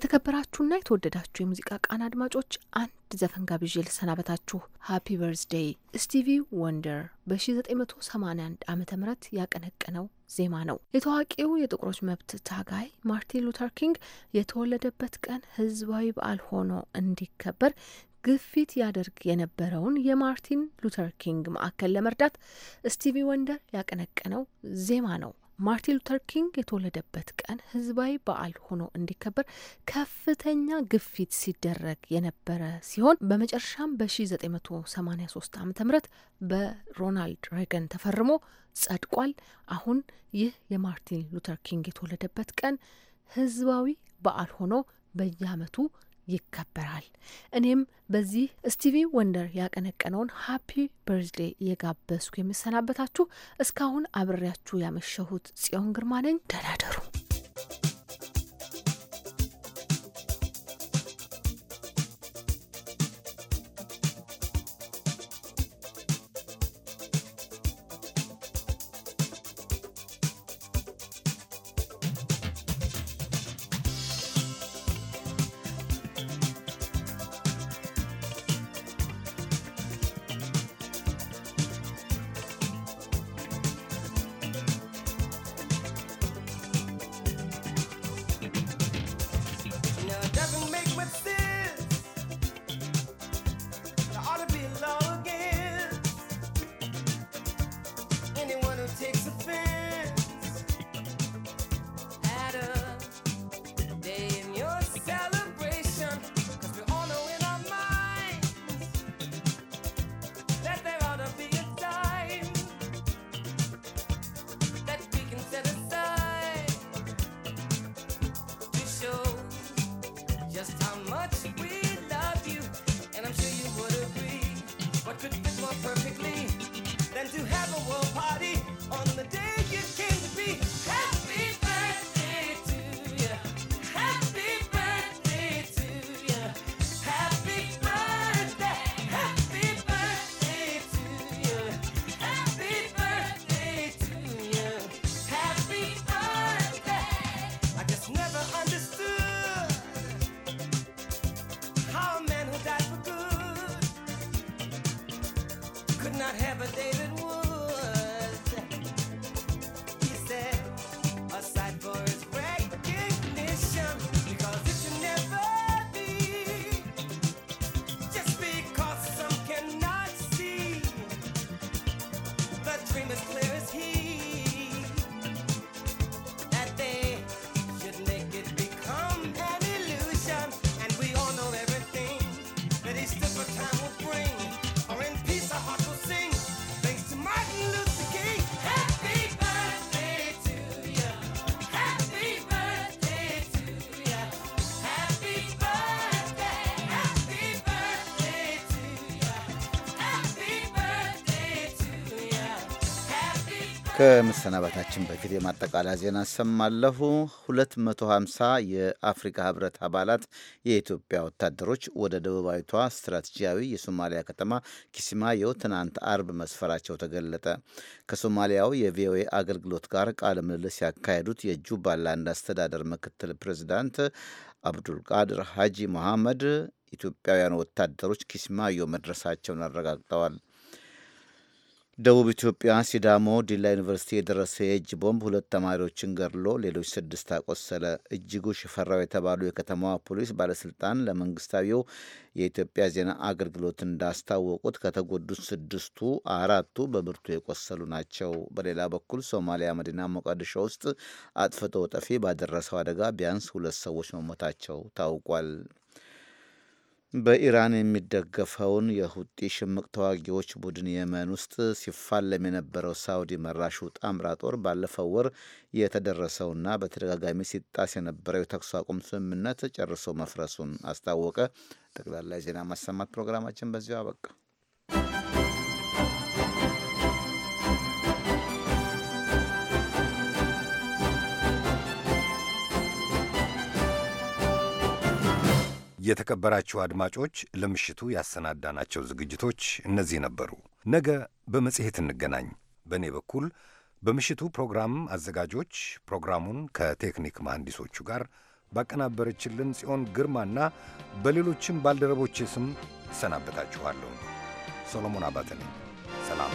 የተከበራችሁና የተወደዳችሁ የሙዚቃ ቃና አድማጮች አንድ ዘፈን ጋብዤ ልሰናበታችሁ። ሃፒ በርዝዴይ ስቲቪ ወንደር በ1981 ዓ ም ያቀነቀነው ዜማ ነው። የታዋቂው የጥቁሮች መብት ታጋይ ማርቲን ሉተር ኪንግ የተወለደበት ቀን ህዝባዊ በዓል ሆኖ እንዲከበር ግፊት ያደርግ የነበረውን የማርቲን ሉተር ኪንግ ማዕከል ለመርዳት ስቲቪ ወንደር ያቀነቀነው ዜማ ነው። ማርቲን ሉተር ኪንግ የተወለደበት ቀን ህዝባዊ በዓል ሆኖ እንዲከበር ከፍተኛ ግፊት ሲደረግ የነበረ ሲሆን በመጨረሻም በ1983 ዓ ም በሮናልድ ሬገን ተፈርሞ ጸድቋል። አሁን ይህ የማርቲን ሉተር ኪንግ የተወለደበት ቀን ህዝባዊ በዓል ሆኖ በየአመቱ። ይከበራል። እኔም በዚህ ስቲቪ ወንደር ያቀነቀነውን ሀፒ በርዝዴ እየጋበዝኩ የምሰናበታችሁ እስካሁን አብሬያችሁ ያመሸሁት ጽዮን ግርማ ነኝ። ደህና ደሩ። ከመሰናበታችን በፊት የማጠቃለያ ዜና አሰማለሁ። 250 የአፍሪካ ህብረት አባላት የኢትዮጵያ ወታደሮች ወደ ደቡባዊቷ ስትራቴጂያዊ የሶማሊያ ከተማ ኪሲማዮ ትናንት አርብ መስፈራቸው ተገለጠ። ከሶማሊያው የቪኦኤ አገልግሎት ጋር ቃለ ምልልስ ያካሄዱት የጁባላንድ አስተዳደር ምክትል ፕሬዚዳንት አብዱልቃድር ሐጂ መሐመድ ኢትዮጵያውያን ወታደሮች ኪስማዮ መድረሳቸውን አረጋግጠዋል። ደቡብ ኢትዮጵያ ሲዳሞ ዲላ ዩኒቨርሲቲ የደረሰ የእጅ ቦምብ ሁለት ተማሪዎችን ገድሎ ሌሎች ስድስት አቆሰለ። እጅጉ ሽፈራው የተባሉ የከተማዋ ፖሊስ ባለስልጣን ለመንግስታዊው የኢትዮጵያ ዜና አገልግሎት እንዳስታወቁት ከተጎዱት ስድስቱ አራቱ በብርቱ የቆሰሉ ናቸው። በሌላ በኩል ሶማሊያ መዲና ሞቃዲሾ ውስጥ አጥፍቶ ጠፊ ባደረሰው አደጋ ቢያንስ ሁለት ሰዎች መሞታቸው ታውቋል። በኢራን የሚደገፈውን የሁጢ ሽምቅ ተዋጊዎች ቡድን የመን ውስጥ ሲፋለም የነበረው ሳውዲ መራሹ ጣምራ ጦር ባለፈው ወር የተደረሰውና በተደጋጋሚ ሲጣስ የነበረው የተኩስ አቁም ስምምነት ጨርሶ መፍረሱን አስታወቀ። ጠቅላላ የዜና ማሰማት ፕሮግራማችን በዚሁ አበቃ። የተከበራችሁ አድማጮች ለምሽቱ ያሰናዳናቸው ዝግጅቶች እነዚህ ነበሩ። ነገ በመጽሔት እንገናኝ። በእኔ በኩል በምሽቱ ፕሮግራም አዘጋጆች ፕሮግራሙን ከቴክኒክ መሐንዲሶቹ ጋር ባቀናበረችልን ጽዮን ግርማና በሌሎችም ባልደረቦቼ ስም እሰናበታችኋለሁ። ሰሎሞን አባተ ነኝ። ሰላም።